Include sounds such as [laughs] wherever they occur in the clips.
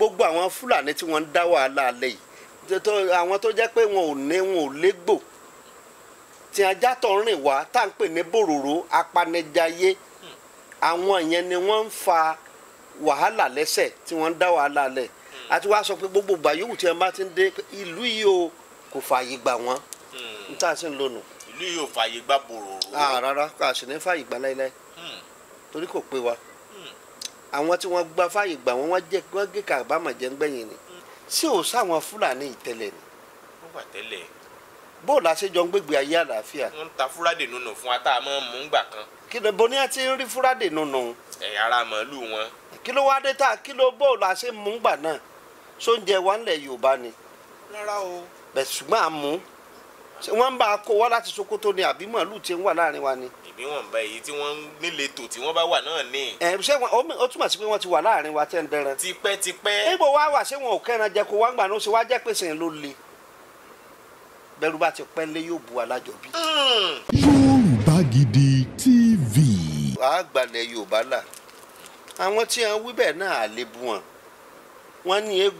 gbogbo àwọn fúlàní tí wọ́n ń dá wàhálà alẹ́ yìí àwọn tó jẹ́ pé wọn ò ní wọn ò légbò tí ajá tó ń rìn wá tá à ń pè ní bòròró apanijayé àwọn yẹn ni wọ́n ń fa wàhálà lẹ́sẹ̀ tí wọ́n ń dá wàhálà alẹ́ àti wàá sọ pé gbogbo ìgbà yòówù tí wọ́n bá ti ń dé ìlú yìí o kò fààyè gbà wọ́n n tá a sì ń lónìí ìlú yóò fààyè gbà bòrò. Ah, rárá kò àṣìní fààyè gbà láéláé hmm. torí kò pé wa àwọn tí wọ́n gba fáyè gbà wọ́n wọ́n jẹ́ wọ́n gé kàbámọ̀ jẹ́ ńgbẹ̀yìn ni ṣé ò sáwọn fúlàní ìtẹ̀lẹ̀ ni. wọ́n wà tẹ́lẹ̀. bóòlù àṣejọ ń gbégbé ayé àlàáfíà. wọ́n ń ta fúrádè nùnù fún wa tá a máa mú un gbà kan. kí ló bo ní a ti ń rí fúrádè nùnù. ẹ̀yà ara màálù wọn. kí ló wá dé tá kí ló bóòlù àṣe mú gbà náà sóúnjẹ wa ńlẹ̀ Yorùbá ni. rárá o. bẹ̀ ṣùgbọ́n à ṣé wọ́n ń bá a kó wá láti Sokoto ni àbí màálù tí ń wà láàrin wa ni. ìbí wọn bá èyí tí wọ́n nílé tò tí wọ́n bá wà náà ní. ẹ ṣé wọn ó túmọ̀ sí pé wọ́n ti wà láàrin wa tẹ́ ń níbo wá wà ṣé wọn ò kẹ́ran jẹ kó wá gbà náà ṣe wá jẹ́ pèsè ń ló le. bẹ́rù bá ti pẹ́ lé yóò bu alájọ bí. Hmm. Yorùbá Gidi TV. wàá gbalẹ̀ Yorùbá là àwọn tí wọn wí bẹ́ẹ̀ náà àlebu wọn wọn ní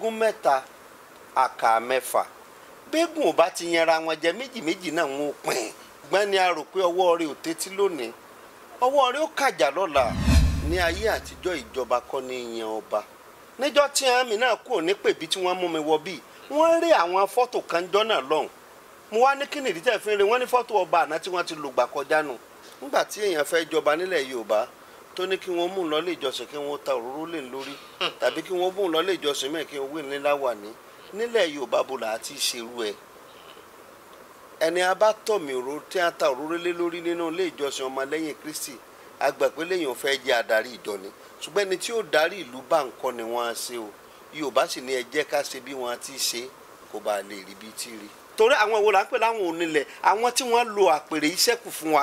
gbẹ́gùn ò bá ti yanra wọn jẹ méjì méjì náà wọn ò pín gbọ́n ni a rò pé ọwọ́ rẹ ò tẹ́tí lónìí ọwọ́ rẹ ó kàjà lọ́la ní ayé àtijọ́ ìjọba kọ́ ní ọba níjọ́ tí àmì náà kúrò nípèbí tí wọ́n mú mi wọ bíi wọ́n rí àwọn fọ́tò kan jọ́ náà lọ́hùn mo wá ní tẹ̀ fi rí wọ́n ní fọ́tò ọba àná tí wọ́n ti kọjá nílẹ̀ Yorùbá bò láà ti ṣerú ẹ̀ ẹni abátọ̀mì òró tíátà òrórélé lórí nínú ilé ìjọsìn ọmọlẹ́yìn Kristi àgbà pé lẹ́yìn òfẹ́ jẹ́ adarí ìjọ ni ṣùgbọ́n ẹni tí ó darí ìlú bá nǹkan ni wọ́n á ṣe o Yorùbá sì ní ẹ jẹ́ ká ṣe bí wọ́n ti ṣe kó bá lè rí bí tí rí torí àwọn ìwo là ń pè láwọn onílẹ̀ àwọn tí wọ́n lo àpèrè iṣẹ́ kù fún wa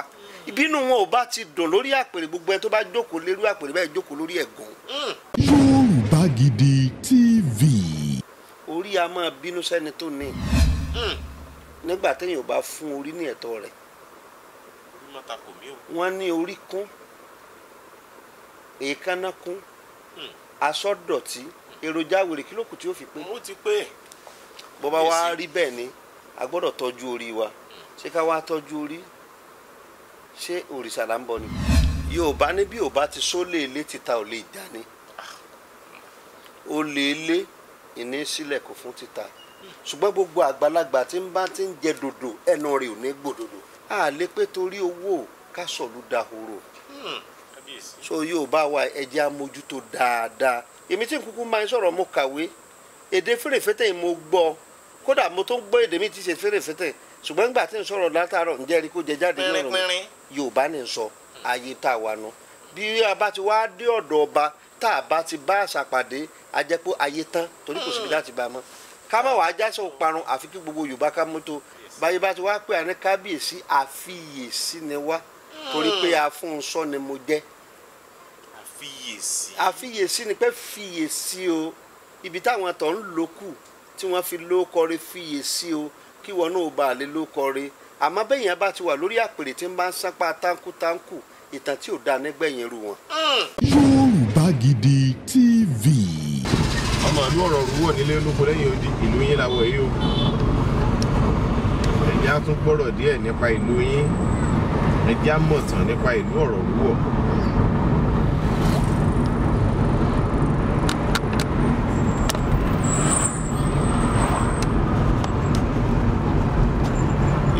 ìbínú wọn ò bá ti dùn lórí àpèrè gbogbo ẹni tó bá jókòó lérí yà máa bínú sẹ́ni tó ní hmm. nígbà téèyàn bá fún orí ní ẹ̀tọ́ rẹ̀ wọ́n ní orí kún èékánná kún hmm. aṣọ dọ̀tí hmm. èròjà wèrè kí ló kù tí ó fi pé. bó bá wá rí bẹ́ẹ̀ ni a gbọ́dọ̀ tọ́jú orí wa ṣé ká wá tọ́jú orí ṣé òrìṣà là ń bọ ni. yorùbá ní bí yorùbá ti sólè ilé títa ò lè jà ah. ó lè lé ìní sílẹ̀ kò fún títà ṣùgbọ́n gbogbo àgbàlagbà tí ń bá ti ń jẹ dòdò ẹnu rẹ̀ ò ní gbòdòdò a pé torí owó ká sọ̀lú dahoro hmm, so yóò bá wa ẹjẹ́ amójútó dáadáa èmi tí n kúkú máa ń sọ̀rọ̀ mo kàwé èdè fèrèfètè mo gbọ́ kódà mo tó ń gbọ́ èdè mi ti ṣe fèrèfètè ṣùgbọ́n nígbà tí n sọ̀rọ̀ látàárọ̀ ǹjẹ́ rí kó jẹ jáde nínú yorùbá ni n sọ ayé tá a wà nù bí a bá ti wá dé ọ̀dọ̀ ọba tá a bá ti bá àṣà pàdé a jẹ́ pé ayé tán torí kò síbi hmm. láti bá a mọ́ ká má wàá jásọ parun àfi kí gbogbo yorùbá ká mọ́tò báyìí bá ti wá pé àní kábíyèsí àfiyèsí ni wá hmm. torí pé afúnṣọ́ ni mo jẹ́ àfiyèsí àfiyèsí ni pé fiyèsí o ibi táwọn tó ń lò kù tí wọ́n fi ló kọrin fiyèsí o kí wọn náà bá a lè ló kọrin àmọ́ bẹ́yìn bá ti wà lórí àpèrè tí ń bá ń sápá táǹkù táǹkù ìtàn tí ò dáa nígbẹ̀yìn irú wọn. Hmm. Yorùbá Gidi TV. ọmọ mi ọ̀rọ̀ rúwọ̀ nílé olóko lẹ́yìn odi ìlú yín làwọ̀ yìí o ẹ̀já tún gbọ́rọ̀ díẹ̀ nípa ìlú yín ẹ̀já mọ̀tàn nípa ìlú ọ̀rọ̀ rúwọ̀.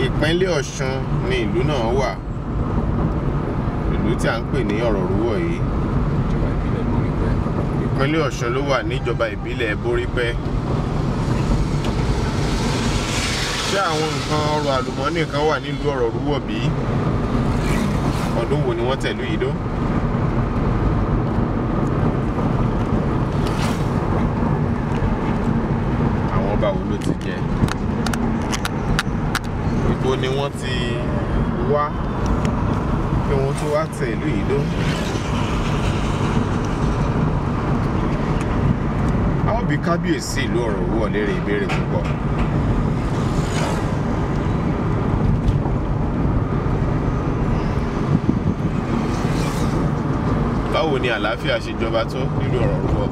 ìpínlẹ̀ Ọ̀ṣun ni ìlú náà wà ìlú tí a ń pè ní ọ̀rọ̀ rúwọ̀ yìí ìpínlẹ̀ Ọ̀ṣun ló wà níjọba ìbílẹ̀ Borípé ṣé àwọn nǹkan ọrọ̀ àlùmọ́ọ́nì kan wà nílùú ọ̀rọ̀ rúwọ̀ bí ọdún wo ni wọ́n tẹ̀lú yìí dó. àwọn ọba wo ló ti jẹ ibo ni wọ́n ti wá kí wọ́n tún wá tẹ̀lú yìí dó. bi kábíyèsí ìlú Ọ̀rọ̀wú léèrè ìbéèrè púpọ̀. báwo ni àlàáfíà ṣe jọba tó nílùú Ọ̀rọ̀wú?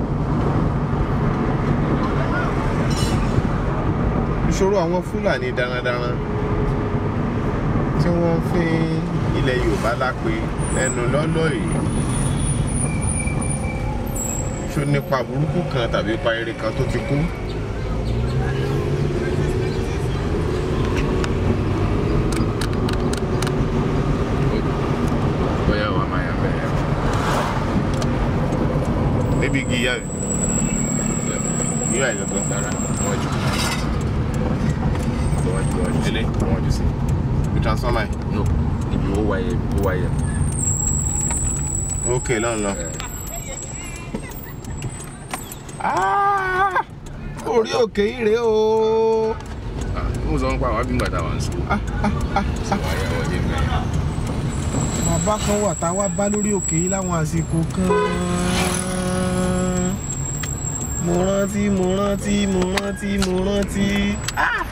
ìṣòro àwọn Fúlàní darandaran tí wọ́n fi ilẹ̀ Yorùbá lápè ẹnu lọ́lọ́ yìí tí ó nípa burúkú kan tàbí ipa rere kan tó ti kú òkè ire o. Ah, mo sọ nípa àwọn abíngbà tá ń sùn. Ah, ah, bàbá kan wà tá bá lórí òkè yìí láwọn àsìkò kan. mo rántí mo rántí mo rántí mo rántí.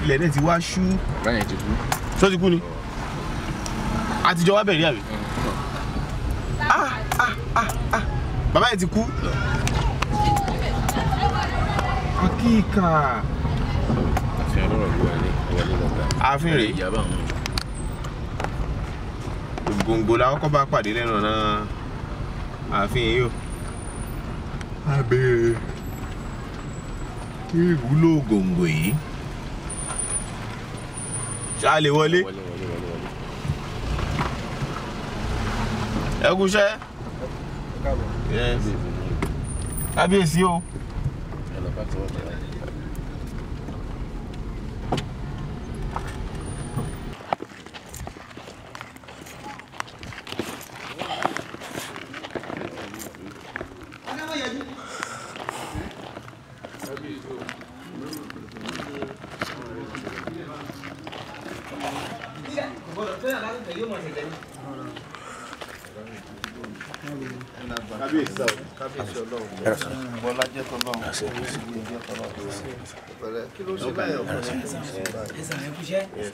ilẹ̀ náà ti wá ṣú. báyẹn ti kú. sọ ti kú ni àtijọ́ wa bẹ̀rẹ̀ àbí. Mm. bàbá yẹn ti kú. kíkà. àfihàn lọ́rọ̀ ló wọlé wọlé lọ́gbà. àfihàn rèé ìyá bá wọn. gbòǹgbò la kọ́kọ́ bá pàdé lẹ́nu ọ̀nà àfihàn yìí o. a béèrè kí ìwúlò gbòǹgbò yìí. ṣá lè wọlé. ẹ kúṣẹ́. kábíyèsí o. about to look at it. iṣẹ́.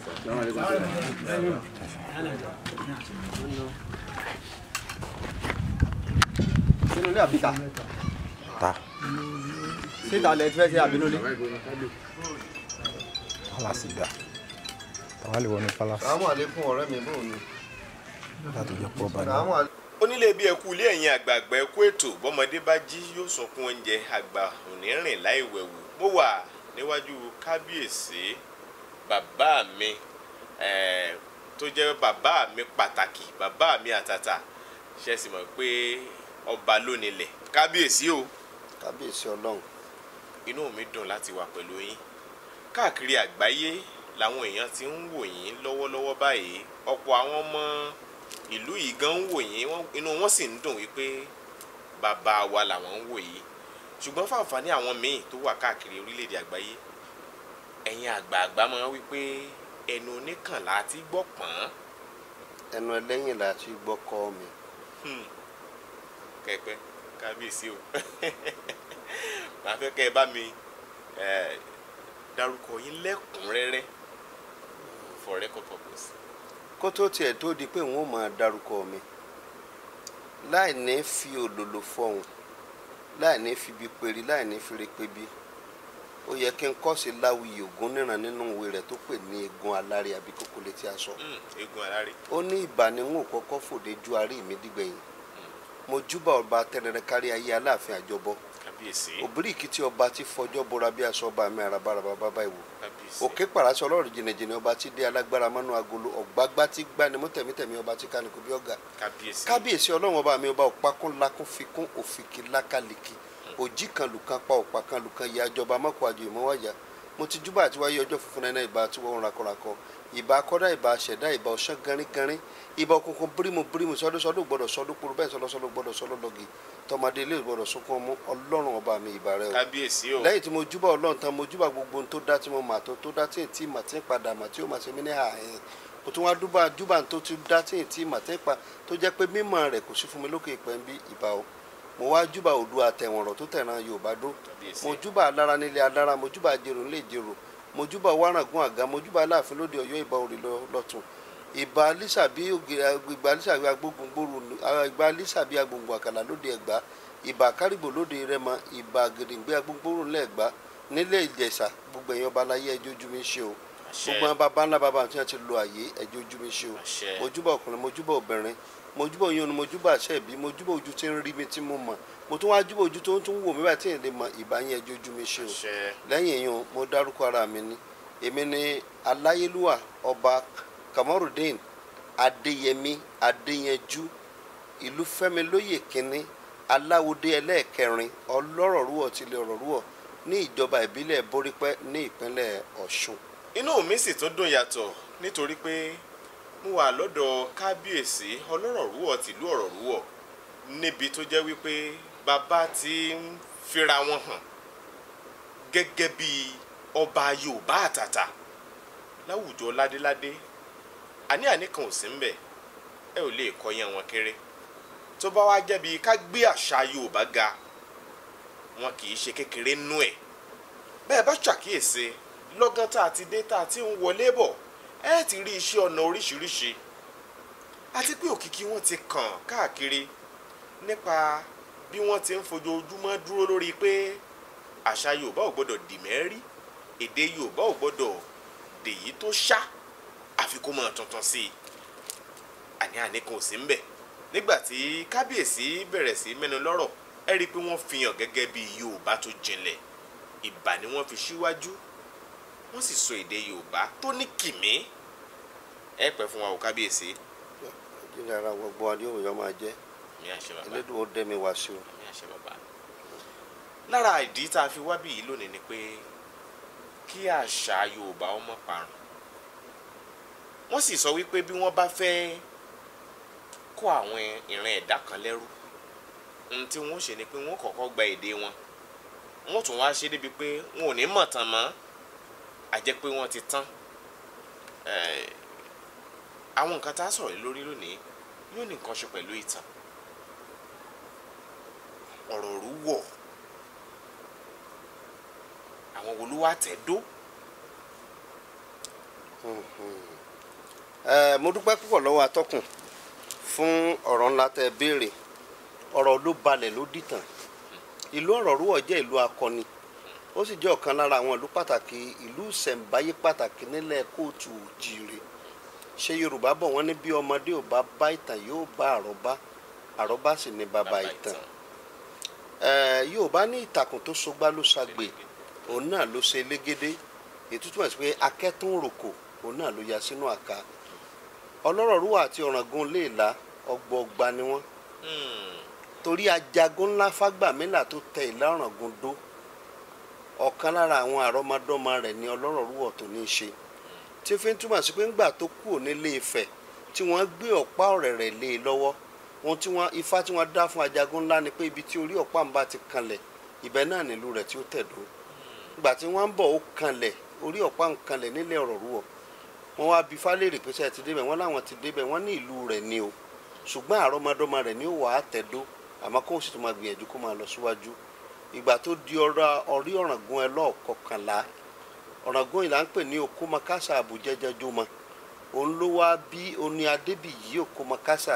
sínú ilé àbíta. ta. síta lẹ fẹ́ ṣe àbínúlé. pálásì dà tàwa lè wọnú pálásì. sàmú àlékún ọ̀rẹ́ mi bò ní. láti jẹ pọ̀ bá ní. onílé bí ẹkú ilé ẹ̀yìn àgbààgbà ẹkú ètò bọ́mọdé bá jí yóò sunkún oúnjẹ àgbà ò ní rìn láì wẹ̀wù mo wà níwájú kábíyèsí bàbá mi tó jẹ́ bàbá mi pàtàkì bàbá mi àtàtà ṣe sì mọ̀ pé ọba ló nílẹ̀ kábíyèsí o. kábíyèsí ọlọ́run. inú mi dùn láti wà pẹ̀lú yín káàkiri àgbáyé làwọn èèyàn ti ń wò yín lọ́wọ́lọ́wọ́ báyìí ọ̀pọ̀ àwọn ọmọ ìlú yìí gan ń wò yín inú wọn sì ń dùn wípé bàbá wa làwọn ń wò yìí ṣùgbọ́n fáǹfààní àwọn míì tó wà káàkiri orílẹ̀-èdè àgbáyé ẹ̀yin àgbààgbà máa wí pé ẹnu oníkànlá ti gbọ́ pọ́n. ẹnu ẹlẹ́yìn la ti gbọ́ kọ́ mi. Hmm. kẹpẹ kábíyèsí o [laughs] màá fẹ́ kẹ́ ẹ bá mi dárúkọ yín lẹ́kùnrẹ́rẹ́ for record purpose. kó tó tiẹ̀ tó di pé wọ́n máa dárúkọ mi láì ní fi òdòdó fọ̀hún láì ní fi bí peri láì ní fi re pebi ó yẹ kí n kọ́sí láwùyí Ògúnníran nínú ìwé rẹ̀ tó pè ní egun alárè àbí kókó létí aṣọ. Hmm, egun alárè. ó ní ìbànúwò kọ́kọ́ fòde ju arí mi dìgbẹ̀yìn hmm. mo júbà ọba tẹrẹrẹ kárí ayé aláàfin àjọbọ òbíríkì tí ọba ti fọjọ́ bora bí aṣọ ọba mi arabaraba bàbá ìwò òkè pàràṣọ ọlọ́run jìnnìjìnnì ọba ti dé alágbára mọ́nú agolo ọ̀gbágbá ti gbani mú tẹ̀mítẹ̀mí ọba ti kanikú bí ọ̀gá kábíyèsí ọlọ́run ọba mi ọba òpákúnlákún fikún òfìkí lákàlìkì òjì kan lùkan pa ọ̀pá kan lùkan ìyá ìjọba mọ́kò àjò ìmọ̀wájà mo ti júbà àti wáyé ọjọ́ funfun náà ìbà tí wọ́n ń rakọrakọ ìbà akọ́dá ìbà àṣẹ̀dá ìbà ọ̀ṣán gánrígánrí ìbà òkùnkùn bírímù bírímù sọdúnsọdún gbọdọ̀ sọdún kúrú bẹ́ẹ̀ sọlọ́sọdún gbọdọ̀ sọlọ́lọ́gì tọmọdé ilé gbọdọ̀ sunkún ọmú ọlọ́run ọba mi ìbà rẹ o. kábíyèsí o. lẹ́yìn tí mo júbà ọlọ́run tán mo júbà gbogbo ohun tó dá tí mo mà tó tó dá tí ètí mà tí ń padà mà tí ó mà ṣe mí ní àárín kò tún wá dúbà júbà tó ti dá tí ètí mà tí ń pa tó jẹ́ pé mímọ̀ rẹ̀ kò sí fún mi lókè ìpẹ́ ń o mo wá júbà Oòduà àtẹ̀wọ̀nrọ̀ tó tẹ̀ràn Yorùbá dó mo júbà alára nílé alára mo júbà àjèrò nílé ìjèrò mo júbà wárangun àga mo júbà aláàfin lóde Ọ̀yọ́ ìbà òrì lọ́tùn ìbà alísàbí ìgbà alísàbí agbóngbòrò ìgbà alísàbí agbòngbò àkàlà lóde Ẹ̀gbá ìbà kárìbò lóde Rẹ́mọ ìbà gèdèǹgbé agbóngbòrò lẹ́ẹ̀gbá nílé Ìjẹ̀ṣà gbogbo èèyàn ọba aláyé ẹjọ́ ojú mi ṣe o gbogbo àwọn baba ńlá baba àti àti lo àyè ẹjọ́ ojú mi ṣe o mojúbà ọkùnrin mojúbà obìnrin mojúbà oyún ni mojúbà ṣẹ̀bí mojúbà ojú tí ń rí mi tí mo mọ̀ mo tún wá júbà ojú tó ń tún wò mí báyìí tí èdè mọ ìbáyẹn ẹjọ́ ojú mi ṣe o lẹ́yìn èèyàn mo dárúkọ ara mi ni èmi ni aláyélúwà ọba kamarudeen adéyẹmí adéyẹnjú ìlú fẹ́mi lóyè kínní aláwòdé ẹlẹ́ẹ̀kẹrin ọlọ́rọ̀ rúwọ̀ tilẹ̀ ọ̀rọ̀ rúwọ̀ ní ìjọba ìbílẹ̀ borípẹ́ ní ìpínlẹ̀ ọ̀ṣun. inú mi sì tún dùn yàtọ̀ nítorí pé mo wà lọ́dọ̀ kábíyèsí ọlọ́rọ̀rúwọ̀ tìlú ọ̀rọ̀rúwọ̀ níbi tó jẹ́ wípé bàbá ti ń fira wọn hàn gẹ́gẹ́ bí ọba yorùbá àtàtà láwùjọ ládéládé àní àní kan ò sí ń bẹ̀ ẹ ò lè kọyán wọn kéré tó bá wá jẹ́bi ká gbé àṣà yorùbá ga wọn kì í ṣe kékeré nú ẹ̀ bẹ́ẹ̀ bá ṣàkíyèsí lọ́gán tá a ti dé tá a ti ń wọlé bọ̀ ẹ ti rí iṣẹ́ ọnà oríṣiríṣi àti pé òkìkí wọn ti kàn káàkiri nípa bí wọ́n ti ń fojoojúmọ́ dúró lórí pé àṣà Yorùbá ò gbọ́dọ̀ dì mẹ́rí èdè Yorùbá ò gbọ́dọ̀ dèyí tó ṣá àfi kó mọ̀ tuntun sí i àní àní kan ò sí ń bẹ̀ nígbà tí kábíyèsí bẹ̀rẹ̀ sí mẹ́nu lọ́rọ̀ ẹ rí i pé wọ́n fi hàn gẹ́gẹ́ bí Yorùbá tó jinlẹ̀ ìbà ni wọ́n fi síwájú si wọ́n sì sọ èdè yorùbá tó ní kìmí ẹ pẹ́ fún wa ò kábíyèsí. ìdílé ara gbogbo adéhùn yọ máa jẹ́ elédùn ó dẹ́ mi wá sí o. lára ìdí tá a fi wá bí yìí lónìí ni pé kí àṣà yorùbá ọmọ parun wọ́n sì sọ wípé bí wọ́n bá fẹ́ kó àwọn ìran ẹ̀dá kan lẹ́rú ohun tí wọ́n ṣe ni pé wọ́n kọ́kọ́ gba èdè wọn wọ́n tún wá ṣe débi pé wọn ò ní mọ̀ tán mọ́ àjẹ́ pé wọ́n ti tán eh, àwọn nǹkan tá a sọ̀rọ̀ lórí lónìí yóò ní nǹkan ṣe pẹ̀lú ìtàn ọ̀rọ̀ òru wọ̀ àwọn wo ló wá tẹ̀ dó. Hmm, hmm. Eh, mo dúpẹ́ púpọ̀ lọ́wọ́ atọ́kùn fún ọ̀rọ̀ ńlá tẹ́ béèrè ọ̀rọ̀ ló balẹ̀ ló dìtàn ìlú ọ̀rọ̀ rúwọ̀ jẹ́ ìlú akọni. Hmm ó sì jẹ́ ọ̀kan lára àwọn ìlú pàtàkì ìlú ìṣẹ̀ǹbáyé pàtàkì nílẹ̀ kóòtù òjìire ṣé yorùbá bọ̀ wọ́n ní bí ọmọdé ò bá bá ìtàn yóò bá àrọ́bá àrọ́bá sì ni bàbá ìtàn yorùbá ní ìtàkùn tó sogbá ló ṣàgbè òun náà ló ṣe légédé ètùtù ẹ̀sìn pé akẹ́tùn ròkò òun náà ló ya sínú àká ọlọ́rọ̀ rúwà àti ọ̀ràngún léèlà ọgbọọgba ni wọ́n hmm. torí ajagun ńlá fágbàmílà tó tẹ ìlà ọ̀ràngún dó ọ̀kan lára àwọn àrọ́mọdọ́mọ rẹ̀ ni ọlọ́rọ̀ rúwọ̀ tó ní í ṣe tí fi ń túmọ̀ sí pé ńgbà tó kúrò nílé Ifẹ̀ tí wọ́n gbé ọ̀pá ọ̀rẹ̀rẹ̀ lé e lọ́wọ́ wọn tí wọ́n ifá tí wọ́n dá fún ajagun ńlá ni pé ibi tí orí ọ̀pá ń bá ti kanlẹ̀ ibẹ̀ náà nílùú rẹ̀ tí ó tẹ̀dó ìgbà tí wọ́n ń bọ̀ ó kanlẹ̀ orí ọ̀pá ń kanlẹ̀ nílẹ̀ ọ̀rọ̀ rúwọ̀ wọn wá bi fálérì pé sẹ́ẹ̀ ti débẹ̀ wọ́n láwọn ti débẹ̀ wọ́n ní ìlú rẹ̀ ni o ṣùgbọ́n àrọ́mọdọ́mọ rẹ̀ ni ó wà á tẹ̀dó àmọ́ kó o sì tún máa gbìyànjú kó máa lọ síwájú ìgbà tó di ọ̀rọ̀ orí ọ̀ràngún ẹ lọ́ọ̀kọ̀kànlá ọ̀ràngún yìí là ń pè ní Òkúmọkásà Àbújẹjẹjọmọ òun ló wá bí oní Adébíyì Òkúmọkásà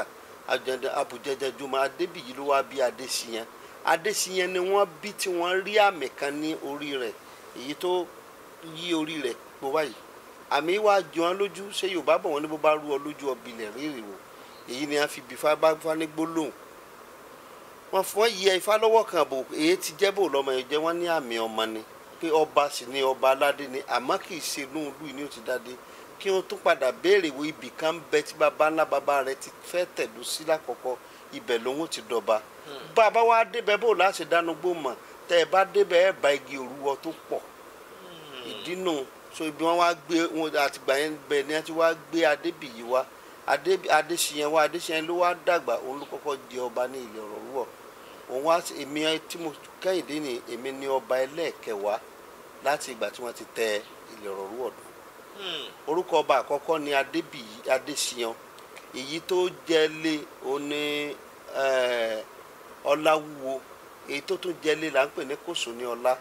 Àbújẹjẹjọmọ Adébíyì ló wá bí Adésíyàn Adésíyàn ni wọ́n bí tí wọ́n rí àmì kan ní orí rẹ̀ èyí tó yí orí rẹ̀ pọ̀ báyìí àmì wá jọ wọn lójú ṣé Yorùbá bọ̀ wọ́n ní bó bá rú ọ lójú ọbìlẹ̀ rírì wò èyí ni a fi bí fábáfá ní gbólóhùn wọ́n fọ́ yẹ ifá lọ́wọ́ kan bò èyí ti jẹ́ bò lọ́mọ yẹn jẹ́ ní àmì ọmọ ni pé ọba sì ni ọba aládé ni àmọ́ kì í ṣe inú ìlú ni ó ti kí wọ́n tún padà béèrè wo ibì kan bẹ tí baba ńlá baba rẹ ti fẹ́ tẹ̀dú sí lákọ̀ọ́kọ́ ibẹ̀ lòun ti dọba hmm. bàbá wa débẹ̀ bò láti dáná gbó mọ̀ tẹ́ ẹ bá débẹ̀ ẹ bá igi òrúwọ tó pọ̀ hmm. ìdínú so ibi wọn wá gbé wọn àtìgbà yẹn bẹ̀ ni wọ́n ti wá gbé adébíyí wa adéṣiyẹn wa adéṣiyẹn ló wá dàgbà òun ló kọ́kọ́ di ọba ní ilẹ̀ ọ̀rọ̀ òun á èmi tí mo kẹ́hìndé ni èmi ni ọba ẹlẹ́ẹ̀kẹwàá láti ìgbà tí wọ́n ti tẹ ilẹ̀ ọ̀rọ̀rú ọ̀dọ́ hmm. orúkọ ọba àkọ́kọ́ ni adébíyí adéṣiyan èyí tó jẹ́lé oní ọláwúwo èyí tó tún jẹ́lé là ń pè ní kòsóníọlá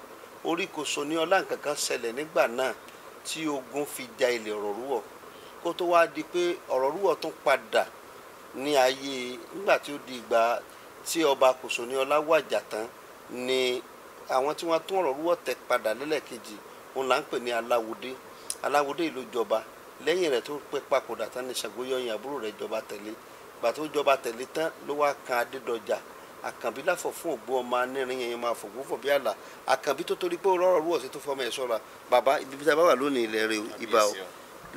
orí kòsóníọlá nǹkan kan ṣẹlẹ̀ nígbà náà tí ogun fi ja ilẹ̀ ọ̀rọ̀rúwọ̀ kó tó wá di pé ọ̀rọ̀rúwọ̀ tún padà ní ayé nígbà tí ó di ìgbà tí ọba Kòsóníọlá wàjà tán ni àwọn tí wọ́n tún ọ̀rọ̀ rúwọ́ tẹ̀ padà lẹ́lẹ́kejì òun là ń pè ní aláwòdé aláwòdé ìlú jọba lẹ́yìn rẹ̀ tó pẹ́ papòdà tán ní ṣàgbóyọyìn àbúrò rẹ̀ jọba tẹ̀lé gbà tó jọba tẹ̀lé tán ló wá kan adédọjà àkànbí láfọ̀ fún ògbó ọmọ anírin yẹn máa fògbó fọ̀ bí àlà àkànbí tó torí pé ó rọrọ̀ rúwọ̀ sí tó fọmọ ẹ̀ sọ́ra bàbá ibi tí a bá wà lónìí ilẹ̀ rẹ̀ ibà o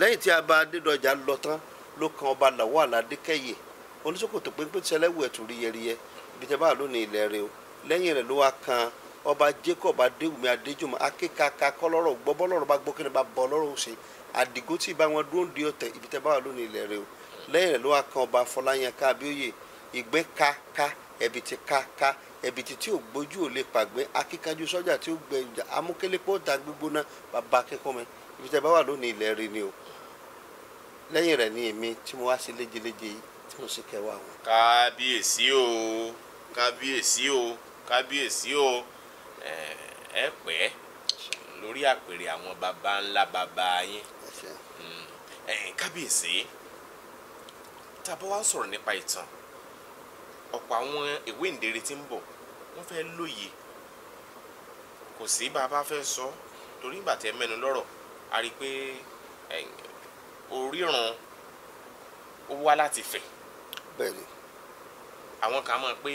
lẹ́yìn tí a bá adédọjà lọ tán ló kan ọba làwọ̀ àládékẹ́yẹ oníṣòkòtò péńpé tẹ́lẹ̀wù ẹ̀tù rí yẹriyẹ ìjọba lónìí ilẹ̀ rẹ o lẹ́yìn rẹ̀ ló wá kan ọba Jacob Adéwùmí Adéjùmọ̀ akékaka kọlọ́rọ̀ gbọ́bọ́lọ́rọ̀ bá gbókè ní bá bọ́ lọ́rọ̀ òsè àdìgótì bá wọn dúró di ọ̀tẹ̀ ibi tẹ́ bá wà lónìí ilẹ̀ rẹ o lẹ́yìn rẹ̀ ló wá kan ọba Fọláyanká Abíóyè ìgbẹ́ kaka ẹ̀bì ti kaka ẹ̀bì ti tí ò gbójú ò lè pàgbẹ́ akíkanjú sọ́jà tí ó gbẹ ìjà amúkélépọ̀ ta gbígbóná bàbá akẹ́kọ̀ọ́ mi ibi tẹ́ bá wà lónìí ilẹ̀ rẹ ni o lẹ́yìn rẹ̀ ni èmi tí mo wá sí léjeléje yìí tí mo sì kẹwàá wọn. kábíyèsí o kábíyèsí o kábíyèsí o ẹ pẹ́ lórí àpèrè àwọn baba ńlá baba yín hmm. kábíyèsí tàbá wa ń sọ̀rọ̀ nípa ìtàn ọ̀pọ̀ àwọn ìwé ìndèrè tí ń bọ̀ wọ́n fẹ́ lóye kò sí bàbá fẹ́ sọ torí ìgbà tẹ́ mẹ́nu lọ́rọ̀ a rí i pé orírun ó wá láti fẹ̀. bẹ́ẹ̀ni àwọn kan mọ̀ pé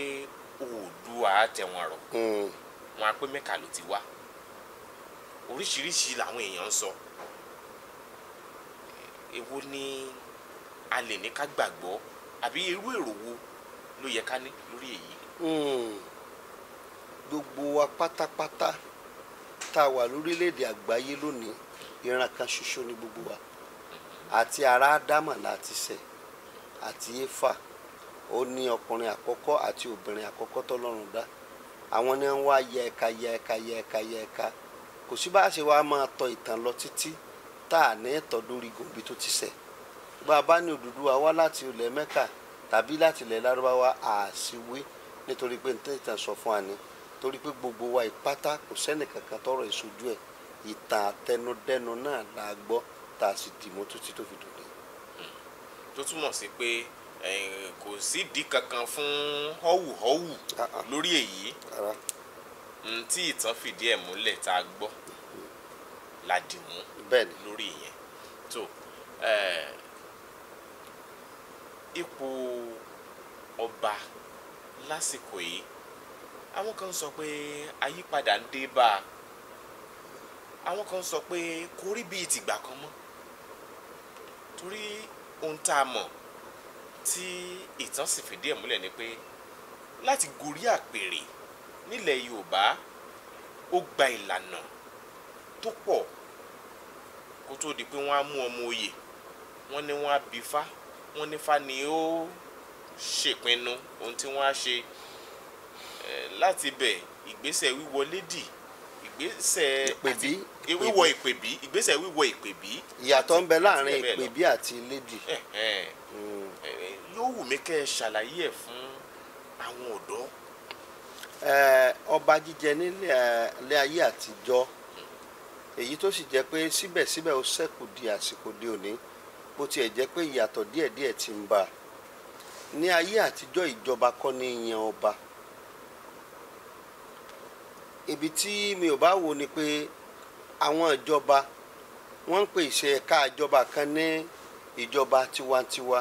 oòdùà tẹ̀wọ̀n rọ̀ hmm. wọn á pé mẹ́ka ló ti wá oríṣiríṣi làwọn èèyàn ń sọ èwo ni a lè ní ká gbàgbọ́ àbí irú èrò wo ló yẹ ká ní lórí èyí. Hmm. gbogbo wa pátápátá tá a wà lórílẹ̀‐èdè àgbáyé lónìí ìran kan ṣoṣo ni gbogbo wa mm-hmm. àti ará ádámà láti ṣẹ̀ àti éfà. E ó ní ọkùnrin àkọ́kọ́ àti obìnrin àkọ́kọ́ tọ́lọ́run dá àwọn ni wọ́n wá yẹ ẹ̀ka yẹ ẹ̀ka yẹ ẹ̀ka yẹ ẹ̀ka kò sí bá a ṣe wàá máa tọ ìtàn lọ títí tá a ní tọdún rigo ibi tó ti ṣẹ̀ bá a bá ní Odùduwà wá láti ilẹ̀ Mẹ́kà tàbí láti ilẹ̀ Lárúbáwá àṣìwé nítorí pé nítorí ìtàn sọ fún àní torí pé gbogbo wa ìpátá kò sẹ́nì kankan tọrọ ìṣojú ẹ̀ ìtàn àtẹnudẹ́nu náà la gbọ́ tá a sì dìmọ́ títí tó fi dòde. Hmm. tó túmọ̀ sí pé kò sídìí kankan fún họ́wùhọ́wù ah, ah. lórí èyí tí ìtàn fìdí ẹ̀ múlẹ̀ tá a gbọ́ la dì mú lórí ìyẹn tó ipò ọba lásìkò yìí àwọn kan sọ pé àyípadà ń dé bá a àwọn kan sọ pé kò rí bíi tìgbà kan mọ́ torí ohun tá a mọ̀ tí ìtàn sì fìdí ẹ̀ múlẹ̀ ni pé láti gorí àpèrè nílẹ̀ Yorùbá ó gba ìlànà tó pọ̀ kó tó di pé wọ́n á mú ọmọ oyè wọ́n ní wọ́n á bí fá wọ́n ní fá ni ó ṣèpinnu ohun tí wọ́n á ṣe eh, láti bẹ̀ ìgbésẹ̀ wíwọlé dì ìgbésẹ̀ ìpèbí wíwọ ìpèbí ìgbésẹ̀ wíwọ ìpèbí. ìyàtọ̀ ń bẹ láàrin ìpèbí àti lédì yóò wù mí kẹ́ ẹ ṣàlàyé ẹ̀ fún àwọn ọ̀dọ́. ọba jíjẹ nílé ayé àtijọ́ èyí tó sì jẹ́ pé síbẹ̀síbẹ̀ ó ṣẹ́kù di àsìkò di òní bó tiẹ̀ jẹ́ pé ìyàtọ̀ díẹ̀díẹ̀ ti ń bá a ní ayé àtijọ́ ìjọba kọ́ ní yan ọba ibi tí mi ò bá wò ni pé àwọn ìjọba wọ́n ń pè ìṣe ẹ̀ka ìjọba kan ní ìjọba tiwantiwa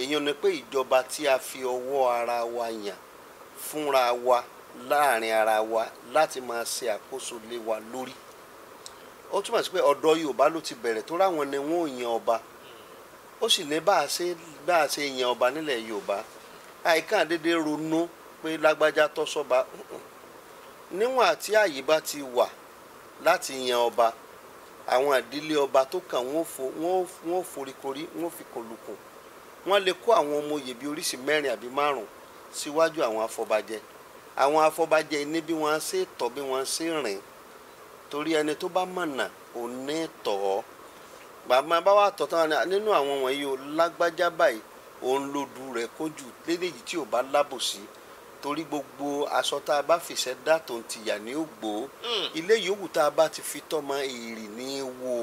èèyàn ni pé ìjọba tí a fi ọwọ́ ara wa yàn fúnra wa láàrin ara wa láti máa ṣe àkóso lé wa lórí ó túmọ̀ sí pé ọ̀dọ̀ Yorùbá ló ti bẹ̀rẹ̀ tó ráwọn ni wọ́n ò yan ọba ó sì ní bá a ṣe bá a ṣe yan ọba nílẹ̀ Yorùbá àìkàn dédé ronú pé lágbájá tó sọ́ba níwọ̀n àti àyè bá ti wà láti yan ọba àwọn ìdílé ọba tó kàn wọ́n foríkorí wọ́n fi kọlùkùn wọ́n lè kó àwọn ọmọ oyè bíi oríṣi mẹ́rin àbí márùn síwájú àwọn afọbajẹ àwọn afọbajẹ ní bí wọ́n ṣe tọ́ bí wọ́n ṣe rìn torí ẹni tó bá mọ̀nà ò ní tọ̀ ọ́ bàbá bá wà tọ̀ tán nínú àwọn wọ̀nyí o lágbájá báyìí òun lòdù rẹ̀ kójú lédèjì tí ò bá lábòsí torí gbogbo aṣọ tá a bá fìṣẹ́ dá tó ń tìyà ní ògbó hmm. ilé yòówù tá a bá ti fi tọ́ mọ èrì ní wo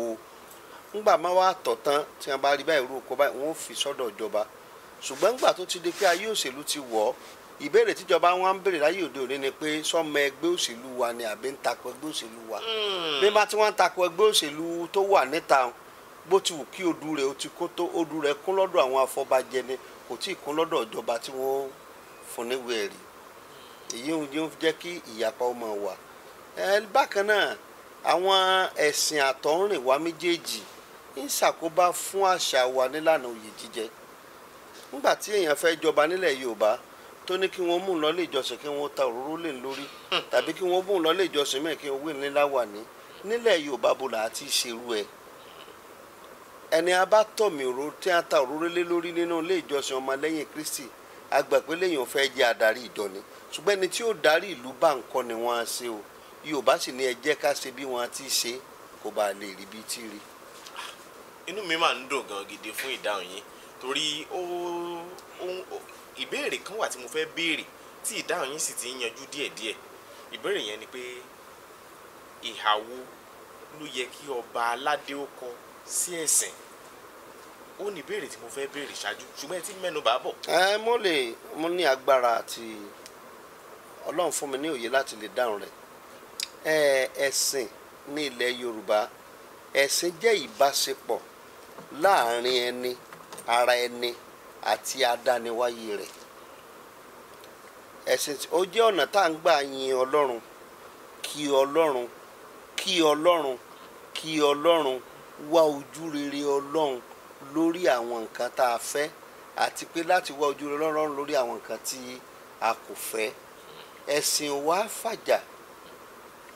ńgbà máa wá tọ̀ tán tí wọ́n bá rí báyìí irú oko báyìí wọ́n ó fi sọ́dọ̀ ìjọba ṣùgbọ́n ńgbà tó ti di pé ayé òṣèlú ti wọ̀ ọ́ ìbéèrè tíjọba wọn ń béèrè láyé òde òní ni pé sọmọ ẹgbẹ́ òṣèlú wa ni àbí ń takò ẹgbẹ́ òṣèlú wa hmm. bí wọ́n ti wọ́n ń takò ẹgbẹ́ òṣèlú tó wà níta bó ti wù kí odù rẹ̀ ó ti kó tó odù rẹ̀ kún lọ́dọ̀ àwọn afọbajẹ ni kò tí ì kún lọ́dọ̀ ìjọba tí wọ́n fún níwèé ẹ̀rí èyí ń jẹ́ kí ìyapa ọmọ wà bákan náà àwọn ẹ̀sìn àtọ̀húnrìnwá méjèèjì ń ṣàkóbá fún àṣà wa nílànà oyè jíjẹ nígbà tí èèyàn fẹ́ jọba nílẹ̀ yorùbá tó ní kí wọ́n mú un lọ ilé ìjọsìn kí wọ́n ta òróró lè lórí hmm. tàbí kí wọ́n mú un lọ ilé ìjọsìn mẹ́ẹ̀ kí wọ́n wé nílá wà ní nílẹ̀ yorùbá bọ̀là àti ìṣerú ẹ̀ ẹni a bá tọ̀mì òró tí a ta òróró lé lórí nínú ilé ìjọsìn ọmọlẹ́yìn kristi àgbà pé léèyàn fẹ́ jẹ́ adarí ìjọ ni ṣùgbọ́n ẹni tí ó darí ìlú bá nǹkan ni wọ́n á ṣe o yorùbá sì ní ẹ jẹ́ ká ṣe bí wọ́n ti ṣe kó bàa lè rí bí tí rí inú mi máa ń dùn gan gidi fún ìdáhùn yín torí ó ìbéèrè kan wà tí mo fẹ́ béèrè tí ìdáhùn yín sì ti ń yanjú díẹ̀díẹ̀ ìbéèrè yẹn ni pé ìhà wo ló yẹ kí ọba aládé ó kọ sí ẹ̀sìn ó ní ìbéèrè tí mo fẹ́ béèrè ṣáájú ṣùgbọ́n ẹ ti mẹ́nu bá bọ̀. ẹ mo lè mo ní agbára àti ọlọ́run fún mi ní òye láti lè dáhùn rẹ̀ ẹ̀sìn ní ilẹ̀ yorùbá ẹ̀sìn jẹ́ ìbáṣepọ̀ láàrin ẹni ara ẹni àti adániwáyé rẹ̀ ẹ̀sìn ó jẹ́ ọ̀nà tá à ń gbà yin ọlọ́run kí ọlọ́run kí ọlọ́run kí ọlọ́run wá ojú rere ọlọ́run lórí àwọn nǹkan tá a fẹ́ àti pé láti wá ojú rere ọlọ́run lórí àwọn nǹkan tí a kò fẹ́ ẹ̀sìn wa fàjà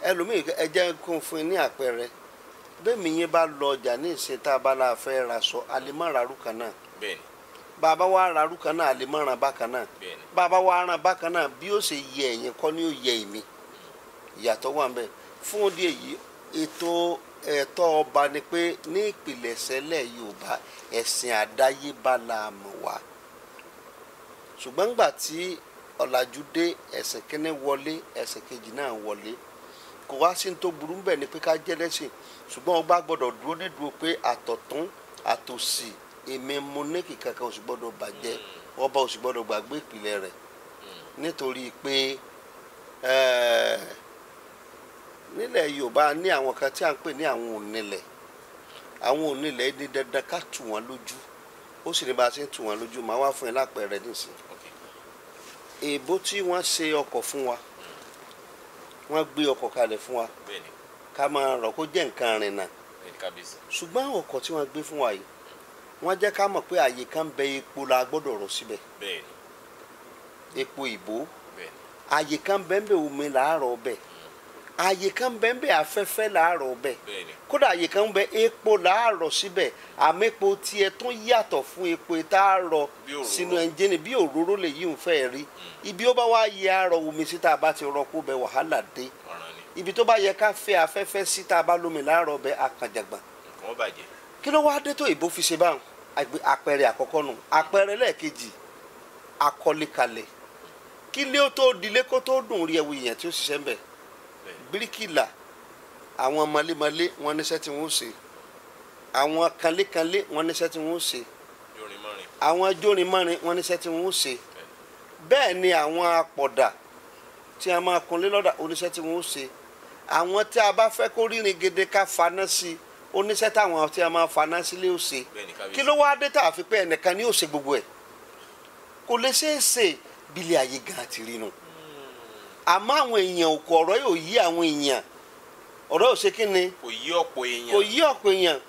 ẹlòmíì ẹ jẹ́ kó fún un ní àpẹẹrẹ bẹ́ẹ̀mi yẹn bá lọ ọjà ní ìsìn tá a bá la fẹ́ ra sọ àlèmọ́ ra náà bàbá wa ra rúkan náà àlèmọ́ ran bákan náà bàbá wa ran bákan náà bí ó ṣe yẹ ẹ̀yin kọ́ ni ó yẹ èmi ìyàtọ̀ wà bẹ́ẹ̀ fún òdi èyí ètò ẹ̀tọ́ ọba ni pé ní ìpìlẹ̀ sẹ́lẹ̀ Yorùbá ẹ̀sìn àdáyébá la mọ̀ wá ṣùgbọ́n gbà tí ọ̀làjú dé ẹ̀sìn kíní wọlé ẹ̀sìn kejì náà wọlé kò wá sí ní tó burú ń bẹ̀ ni pé ká jẹ́ lẹ́sìn ṣùgbọ́n ọba gbọ́dọ̀ dúró nídùú pé àtọ̀tún àtòsí èmi mo ní kíkà kan ò sì gbọ́dọ̀ bàjẹ́ hmm. ọba ò sì gbọ́dọ̀ gbàgbé ìpìlẹ̀ rẹ̀ hmm. nítorí pé eh, nílẹ̀ Yorùbá ní àwọn kan tí à ń pè ní àwọn onílẹ̀ àwọn onílẹ̀ ní dandan ká tù wọ́n lójú ó sì ní bá a ṣe ń tù wọ́n lójú màá wá fún ẹ lápẹẹrẹ nísìnyí èèbó tí wọ́n ṣe ọkọ̀ fún wa wọn gbé ọkọ kalẹ̀ fún wa ká máa rọ̀ kó jẹ nǹkan rìnnà ṣùgbọ́n ọkọ tí wọn gbé fún wa yìí wọn jẹ ká mọ̀ pé àyè kan bẹ epo la gbọdọ rọ síbẹ̀ epo ìbò àyè kan bẹ́ẹ̀ bẹ́ẹ̀ omi làárọ̀ bẹ́ẹ̀ ààyè kan bẹ́ẹ̀ ń bẹ afẹ́fẹ́ làárọ̀ bẹ̀ kódà ààyè kan bẹ epo làárọ̀ síbẹ̀ àmẹ́po tiẹ̀ tó yàtọ̀ fún epo tá a rọ sínú ẹnjẹ́ni bí òróró lè yí òun fẹ́ rí hmm. ibi ó bá wá yẹ arọ omi síta bá ti rọ kó bẹ wàhálà dé ibi tó bá yẹ ká fẹ́ afẹ́fẹ́ síta bá lómi làárọ̀ bẹ àkànjàgbà kí ló wá dé tó ìbò fi ṣe báwọn àpẹẹrẹ àkọ́kọ́ nù àpẹẹrẹ lẹ́ẹ̀kejì akọ́lékalẹ̀ kí lé ó tó dilé kó tó dùn rí ẹwu ìyẹn tí ṣiṣẹ́ ń bíríkìlà àwọn mọlémọlé wọn níṣẹ́ tí wọ́n ṣe àwọn kanlékanlé wọn níṣẹ́ tí wọ́n ṣe àwọn jórinmọ́rin wọn níṣẹ́ tí wọ́n ṣe bẹ́ẹ̀ ni àwọn apọ̀dà tí a máa kunlé lọ́dà oníṣẹ́ tí wọ́n ṣe àwọn tí a bá fẹ́ kó rírin gèdè ká faná sí oníṣẹ́ táwọn tí a máa faná sílé ó ṣe kí ló wá dé tá pé ẹnìkan ni ó gbogbo ẹ̀ kò lè ṣeé ṣe bílẹ̀ ayé gan àti rí nu àmọ́ àwọn èèyàn òkú ọ̀rọ̀ yóò yí àwọn èèyàn ọ̀rọ̀ yóò ṣe kí ni. kò yí ọ̀pọ̀ èèyàn. kò yí ọ̀pọ̀ èèyàn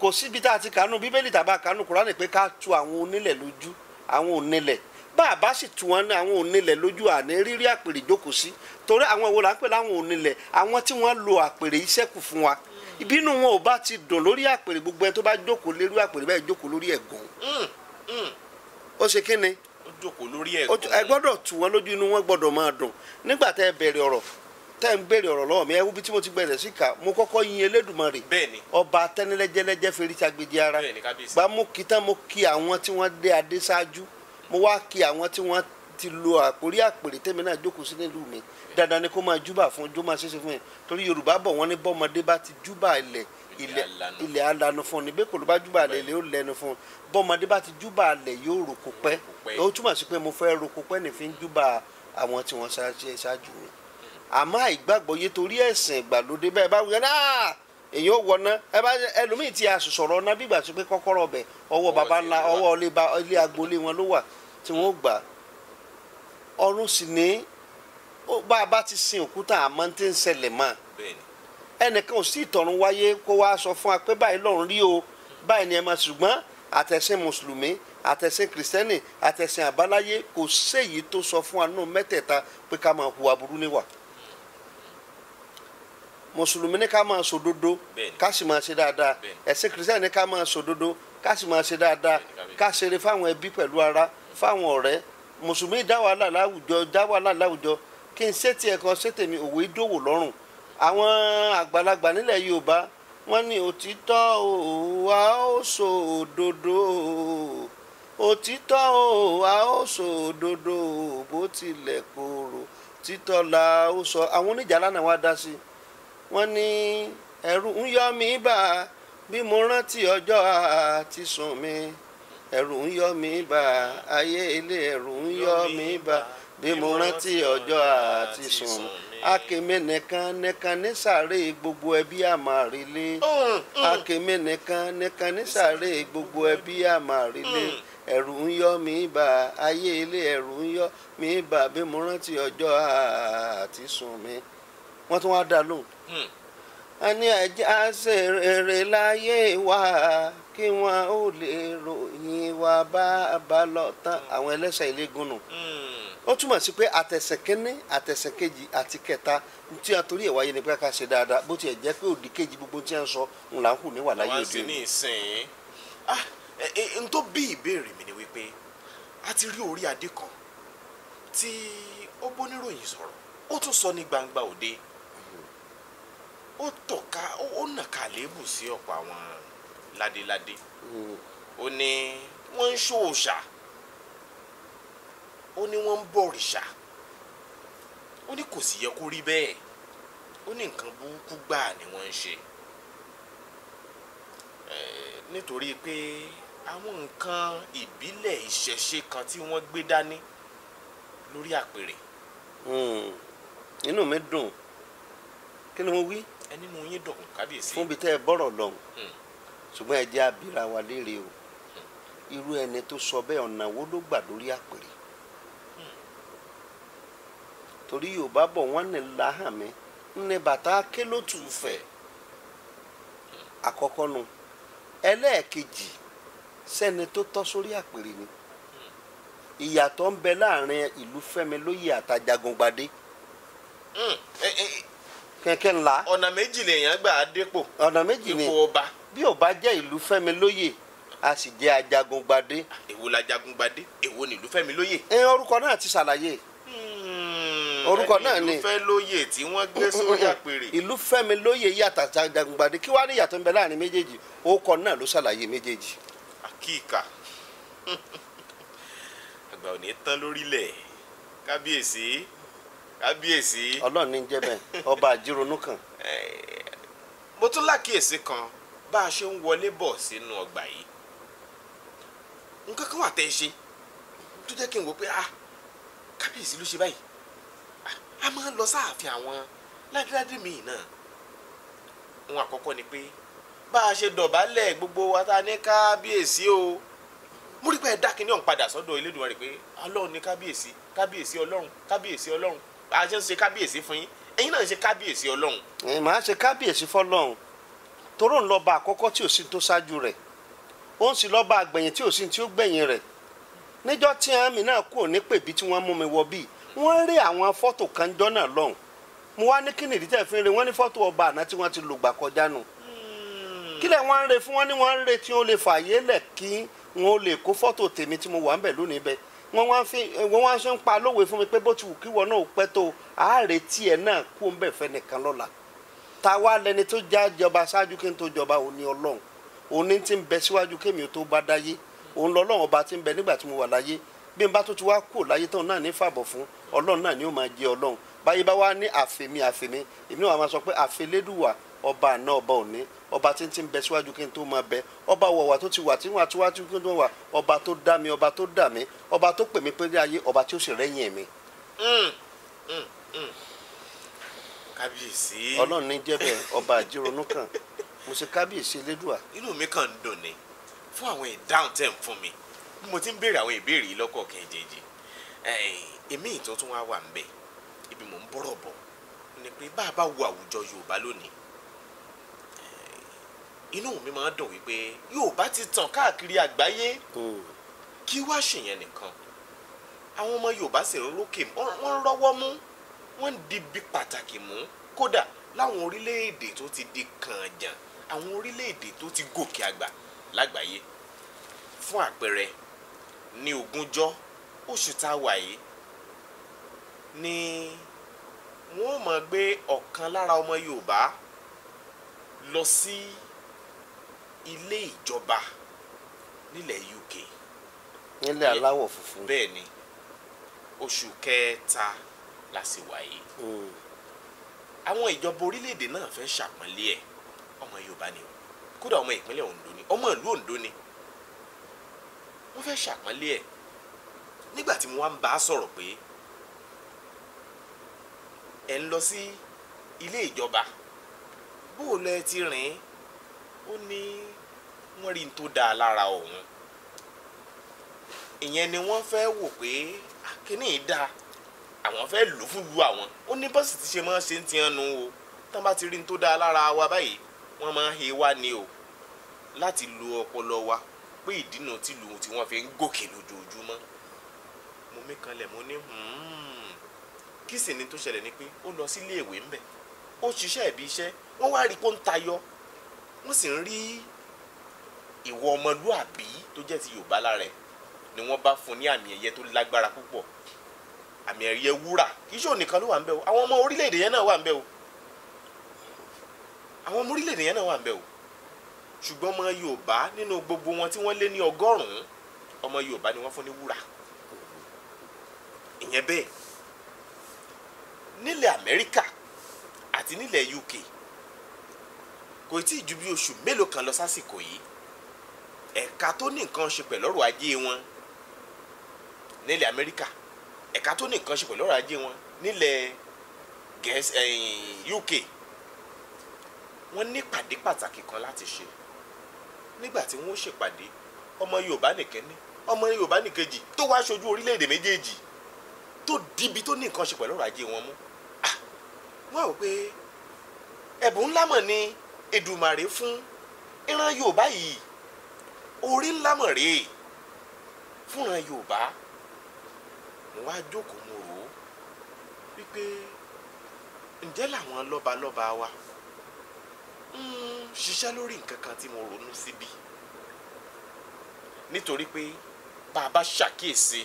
kò síbi tá a ti kànú bíbélì tàbá kànú kúránì pé ká tu àwọn onílẹ̀ lójú àwọn onílẹ̀ bá a bá sì tu wọn ní àwọn onílẹ̀ lójú àní rírí àpèrè jókòó sí torí àwọn wo là ń pè láwọn onílẹ̀ àwọn tí wọ́n lo àpèrè iṣẹ́ kù fún wa ìbínú wọn ò bá ti dùn lórí àpèrè gbogbo ẹni tó bá jókòó lérí àpèrè báyìí jókòó lórí ẹ̀gàn hmm, hmm. ó ṣe kí ni jòkó lórí ẹ̀kọ́. ẹ gbọ́dọ̀ tù wọ́n lójú inú wọn gbọ́dọ̀ máa dùn nígbà tẹ́ ẹ bẹ̀rẹ̀ ọ̀rọ̀ tẹ́ ń béèrè ọ̀rọ̀ lọ́wọ́ mi ẹ wúbi tí mo ti bẹ̀rẹ̀ sí ká mo kọ́kọ́ yin Elédùmarè ọba tẹ́nilẹ́jẹ́lẹ́jẹ́ feríṣàgbèjì ara gba mo kí tán mo kí àwọn tí wọ́n dé adé ṣáájú mo wá kí àwọn tí wọ́n ti lo àkórí àpèrè tẹ́mi náà jókòó sí nílùú mi dandan ni kó máa júbà fún jó máa ṣeéṣe fún yẹn torí Yorùbá bọ̀ wọ́n ní bọ́mọdé bá ti júbà ilẹ̀ ilẹ̀ á lanu fún ni bẹ́ẹ̀ kò ló bá júbà lẹ̀ lè ó lẹ́nu fún bọ́mọdé bá ti júbà lẹ̀ yóò roko pẹ́ ó túmọ̀ sí pé mo fẹ́ roko pẹ́ ní fi ń júbà àwọn tí wọ́n ṣáájú mi àmọ́ àìgbàgbọ́ yé torí ẹ̀sìn ìgbàlódé bẹ́ẹ̀ bá wúyẹn náà èyí ò wọná ẹ bá ẹlòmíì ti àsùsọ̀rọ̀ ọ̀nà bí ìgbà tó pé kọ́kọ́rọ́ ọbẹ̀ ọwọ́ baba ńlá ọwọ́ ilé agboolé wọn ló wà tí wọ́n gbà ọ̀run sì ní bá a bá ti sin òkúta àmọ́ tí ń ṣẹlẹ̀ mọ́ ẹnìkan ò sí ìtọ̀run wáyé kó wá sọ fún wa pé báyìí lọ́run rí o báyìí ni ẹ máa ṣùgbọ́n àtẹ̀sìn mùsùlùmí àtẹ̀sìn kìrìsìtẹ́nì àtẹ̀sìn àbáláyé kò séyìí tó sọ fún wa nínú mẹ́tẹ̀ẹ̀ta pé ká máa hùwà burú níwà mùsùlùmí ní ká máa sòdodo ká sì máa ṣe dáadáa ẹ̀sìn kìrìsìtẹ́nì ní ká máa sòdodo ká sì máa ṣe dáadáa ká ṣeré fáwọn ẹbí pẹ̀lú ara fáwọn ọ̀rẹ́ mùsùlùmí dá wàhálà láwùjọ dá wàhálà láwùjọ kí n ṣètì ẹ̀kọ́ ṣètèmi òwe ìdòwò lọ́rùn àwọn àgbàlagbà nílẹ̀ yorùbá wọ́n ní òtítọ́ òwà ó sọ òdodo òtítọ́ òwà ó sọ òdodo bó tilẹ̀ korò títọ́ la ó sọ àwọn oníjàlá náà wá dá sí wọ́n ní ẹ̀rù ń yọ mí bá bí mo rántí ọjọ́ àti sùn mi ẹ̀rù ń yọ mí bá ayé ilé ẹ̀rù ń yọ mí bá bí mo rántí ọjọ́ àti sùn akemi nìkan nìkan ní sàárè gbogbo ẹbí àmàrílé mm, mm. akemi nìkan nìkan ní sàárè gbogbo ẹbí àmàrílé mm. ẹ̀rù ń yọ mí bá ayé ilé ẹ̀rù ń yọ mí bá bí mo rántí ọjọ́ àti sùn mi wọ́n tún wá dá lóhùn. a ní ẹ̀jẹ̀ àṣẹ rere láyé wa kí wọn ó lè ròyìn wa bá a bá lọ tán àwọn ẹlẹ́sẹ̀ iléegun nù. Hmm. ó túmọ̀ sí pé àtẹ̀sẹ̀ kínní àti kẹta tí a torí ẹ̀ wáyé ni pé ká ṣe dáadáa bó tiẹ̀ jẹ́ pé òdì kejì gbogbo tí a ń sọ ń là ń hù níwà láyé òde. wọ́n sì ní ah, n tó bí ìbéèrè mi ni wípé a ti rí orí adé kan tí ó bóníròyìn sọ̀rọ̀ ó tún sọ ní gbangba òde hmm. ó tọ̀ka ó nàka àléébù sí ọ̀pọ̀ àwọn ládéládé hmm. ó ní wọ́n ń ṣòòṣà ó ní wọ́n ń bọ̀rìṣà ó ní kò sì yẹ kó rí bẹ́ẹ̀ ó ní nǹkan burúkú gbáà ni wọ́n ń ṣe nítorí pé àwọn nǹkan ìbílẹ̀ ìṣẹ̀ṣe kan tí wọ́n gbé dání lórí àpèrè. Hmm. inú mi dùn kí ni mo wí. ẹ nínú yín dọ̀kùn kábíyèsí. fún bíi tẹ́ ẹ bọ́rọ̀ lọ́hùn. Hmm. ṣùgbọ́n ẹ jẹ́ wa léèrè o irú ẹni tó sọ bẹ́ẹ̀ ọ̀nà wo ló gbà lórí àpèrè torí yorùbá bọ̀ wọ́n ní làhàmì ní bàtà kélótù fẹ̀ àkọ́kọ́ nu ẹlẹ́ẹ̀kejì sẹ́ni ni ìyàtọ̀ ń bẹ láàrin ìlú fẹ́mi lóyè àtàjàgùngbadé hmm. eh, eh, kẹ̀kẹ́ ńlá ọ̀nà méjì lèèyàn gbà á dépò ọ̀nà méjì ọba bí ò bá jẹ́ ìlú fẹ́mi lóye a sì jẹ́ ajagungbadé. èwo la jagungbadé èwo ni ìlú fẹ́mi lóye. ẹ orúkọ náà ti ṣàlàyé hmm, orúkọ náà ni ìlú fẹ́ lóye tí wọ́n gbé sórí àpèrè. ìlú fẹ́mi lóye yàtọ̀ jagungbadé kí wàá ní ìyàtọ̀ ń bẹ láàrin méjèèjì orúkọ náà ló ṣàlàyé méjèèjì. àkíkà [laughs] àgbà ò ní tán lórílẹ̀ kábíyèsí kábíyèsí. ọlọ́run ní jẹ́ bẹ́ẹ̀ ọba àjírònú kan. [laughs] mo tún lákìyèsí kan bá a ṣe ń wọlé bọ̀ sínú ọgbà yìí nǹkan kan wà tẹ́ ẹ ṣe tó jẹ́ kí n wò pé ah kábíyèsí ló ṣe báyìí ah, a máa ń lọ sáàfin àwọn ládéládé míì náà ohun àkọ́kọ́ ni pé bá a ṣe dọ̀bálẹ̀ gbogbo wa ta ní kábíyèsí o mo rí pé ẹ̀dá kìíní ọ̀hún padà sọ́dọ̀ Elédùmarè pé ọlọ́run ní kábíyèsí kábíyèsí ọlọ́run kábíyèsí ọlọ́run bá a ṣe ń ṣe kábíyèsí fún yín ẹ̀yin náà ń ṣe kábíyèsí ọlọ́run. ẹ̀ máa ṣe kábíyèsí fọlọ́run toró ń lọ́ba àkọ́kọ́ tí ò sí tó ṣáájú rẹ̀ ó ń sì lọ́ba àgbẹ̀yìn tí ò sí tí ó gbẹ̀yìn rẹ̀ níjọ́ tí àmì náà kúrò ní pèbí tí wọ́n mú mi wọ bíi wọ́n rí àwọn fọ́tò kan jọ́ náà lọ́hùn mo wá ní kíni ìdíjẹ́ fi ń re wọ́n ní fọ́tò ọba àná tí wọ́n ti lùgbà kọjá nù hmm. kílẹ̀ wọ́n ń re fún wọn ní wọ́n ń re tí wọ́n lè fààyè lẹ̀ kí wọ́n lè kó fọ́tò tèmi tí mo wà ń bẹ̀ lónìí bẹ́ẹ̀ wọ́n wá fi wọ́n wá ṣe ń pa lówe fún mi pé bó ti wù kí wọ́n náà pẹ́ tó àárẹ̀ tiẹ̀ náà kú ń bẹ̀ fẹ́ nìkan lọ́la ta wá lẹni tó já jọba ṣáájú kí n tó jọba òun ni ọlọ́run òun ní ti ń bẹ síwájú kémi tó bá dáyé òun lọ́lọ́run ọba ti ń bẹ nígbà tí mo wà láyé bí n bá tó ti wá kú láyé tán náà ní fàbọ̀ fún ọlọ́run náà ni ó máa jẹ ọlọ́run báyé bá wá ní àfẹ̀mí àfẹ̀mí èmi náà wà máa sọ pé àfẹlẹ́dùwà ọba àná ọba òní ọba tí ń ti ń bẹ síwájú kí n tó máa bẹ ọba wọ̀wà tó ti wà tí wọ́n atiwájú kí n tó wà ọba tó dá mi ọba tó dà mí ọba tó pè mí pé ayé ọba tí ó sì rẹ́yìn mi. Mm, mm, mm kábíyèsí. ọlọ́run ní jẹ́bẹ̀ ọba àjírònú kan mo ṣe kábíyèsí elédùà. inú mi kàn ń dùn ni fún àwọn ìdáhùn tẹ̀ ń fún mi bí mo ti ń béèrè àwọn ìbéèrè yìí lọ́kọ̀ kẹjẹjẹ èmi ìtọ́ tún wá wà ń bẹ̀ ibi mò ń bọ̀rọ̀ bọ̀ ni pé bá a bá wo àwùjọ yorùbá lónìí inú mi máa ń dùn wípé yorùbá ti tàn káàkiri àgbáyé kí wá ṣèyẹn nìkan àwọn ọmọ yorùbá sì ń rókè wọ́n rọ́wọ́ mú wọ́n ń dibi pàtàkì mú kódà láwọn orílẹ̀-èdè tó ti di kànjàn àwọn orílẹ̀-èdè tó ti gòkè àgbà lágbàáyé fún àpẹẹrẹ ní ogúnjọ́ oṣù tá a wà yìí ni wọ́n mọ̀ gbé ọ̀kan lára ọmọ Yorùbá lọ sí ilé ìjọba nílẹ̀ UK nílẹ̀ aláwọ̀ funfun bẹ́ẹ̀ ni oṣù kẹta la sì wà yìí hmm. àwọn ìjọba orílẹ̀-èdè náà fẹ́ ṣàpọ́nlé ẹ̀ ọmọ Yorùbá ni o kódà ọmọ ìpínlẹ̀ Ondo ni ọmọ ìlú Ondo ni wọ́n fẹ́ ṣàpọ́nlé ẹ̀ nígbà tí mo wá ń bá a sọ̀rọ̀ pé ẹ̀ ń lọ sí ilé ìjọba bó o lẹ ti rìn ó ní wọ́n rí n tó dáa lára òun ìyẹn ni wọ́n fẹ́ wò pé akínní dáa àwọn fẹ́ lò fún lu àwọn ó ní bọ́sì ti ṣe máa ṣe ń tiẹ́ nu o tán bá ti rí ní tó dáa lára wa báyìí wọ́n máa ń he wá ni o láti lo ọpọlọ wa pé ìdínà tí lu tí wọ́n fi ń gòkè lójoojúmọ́ mo mí kanlẹ̀ mo ní hmm. kí sì ni tó ṣẹlẹ̀ ni pé ó lọ sílé ìwé ńbẹ̀ ó ṣiṣẹ́ ìbí iṣẹ́ wọ́n wá rí i pé ó ń tayọ wọ́n sì ń rí ìwọ ọmọlúàbí tó jẹ́ ti Yorùbá lára ẹ̀ ni wọ́n bá fún ní àmì ẹ̀yẹ tó lágbára púpọ̀ àmì ẹ̀yẹ wúrà kì í ṣe ònìkan ló wà ń bẹ̀ o àwọn ọmọ orílẹ̀-èdè yẹn náà wà ń bẹ̀ o àwọn ọmọ orílẹ̀-èdè yẹn náà wà ń bẹ̀ o ṣùgbọ́n ọmọ Yorùbá nínú gbogbo wọn tí wọ́n lé ní ọgọ́rùn-ún ọmọ Yorùbá ni wọ́n fún ní wúrà ìyẹn bẹ́ẹ̀ nílẹ̀ Amẹ́ríkà àti nílẹ̀ UK kò tí ì ju bí oṣù mélòó kan lọ sásìkò yìí ẹ̀ka tó ní nǹkan ṣe pẹ̀lú ajé wọn nílẹ̀ Amẹ́ríkà ẹ̀ka tó ní nǹkan ṣe pẹ̀lú ọ̀rọ̀ ajé wọn nílẹ̀ UK wọ́n ní pàdé pàtàkì kan láti ṣe nígbà tí wọ́n ṣèpàdé ọmọ Yorùbá nìkan ní ọmọ Yorùbá nìkejì tó wá ṣojú orílẹ̀-èdè méjèèjì tó dìbí tó ní nǹkan ṣe pẹ̀lú ọ̀rọ̀ ajé wọn mú ah! wọ́n rò pé ẹ̀bùn ńlá mọ̀ ni Èdùmàrè fún ìran Yorùbá yìí orí ńlá mọ̀ rèé fúnra Yorùbá mo wá jókòó mo rò ó wípé ǹjẹ́ làwọn lọ́balọ́ba wa ń ṣiṣẹ́ lórí nǹkan kan tí mo ronú síbi nítorí pé bá a bá ṣàkíyèsí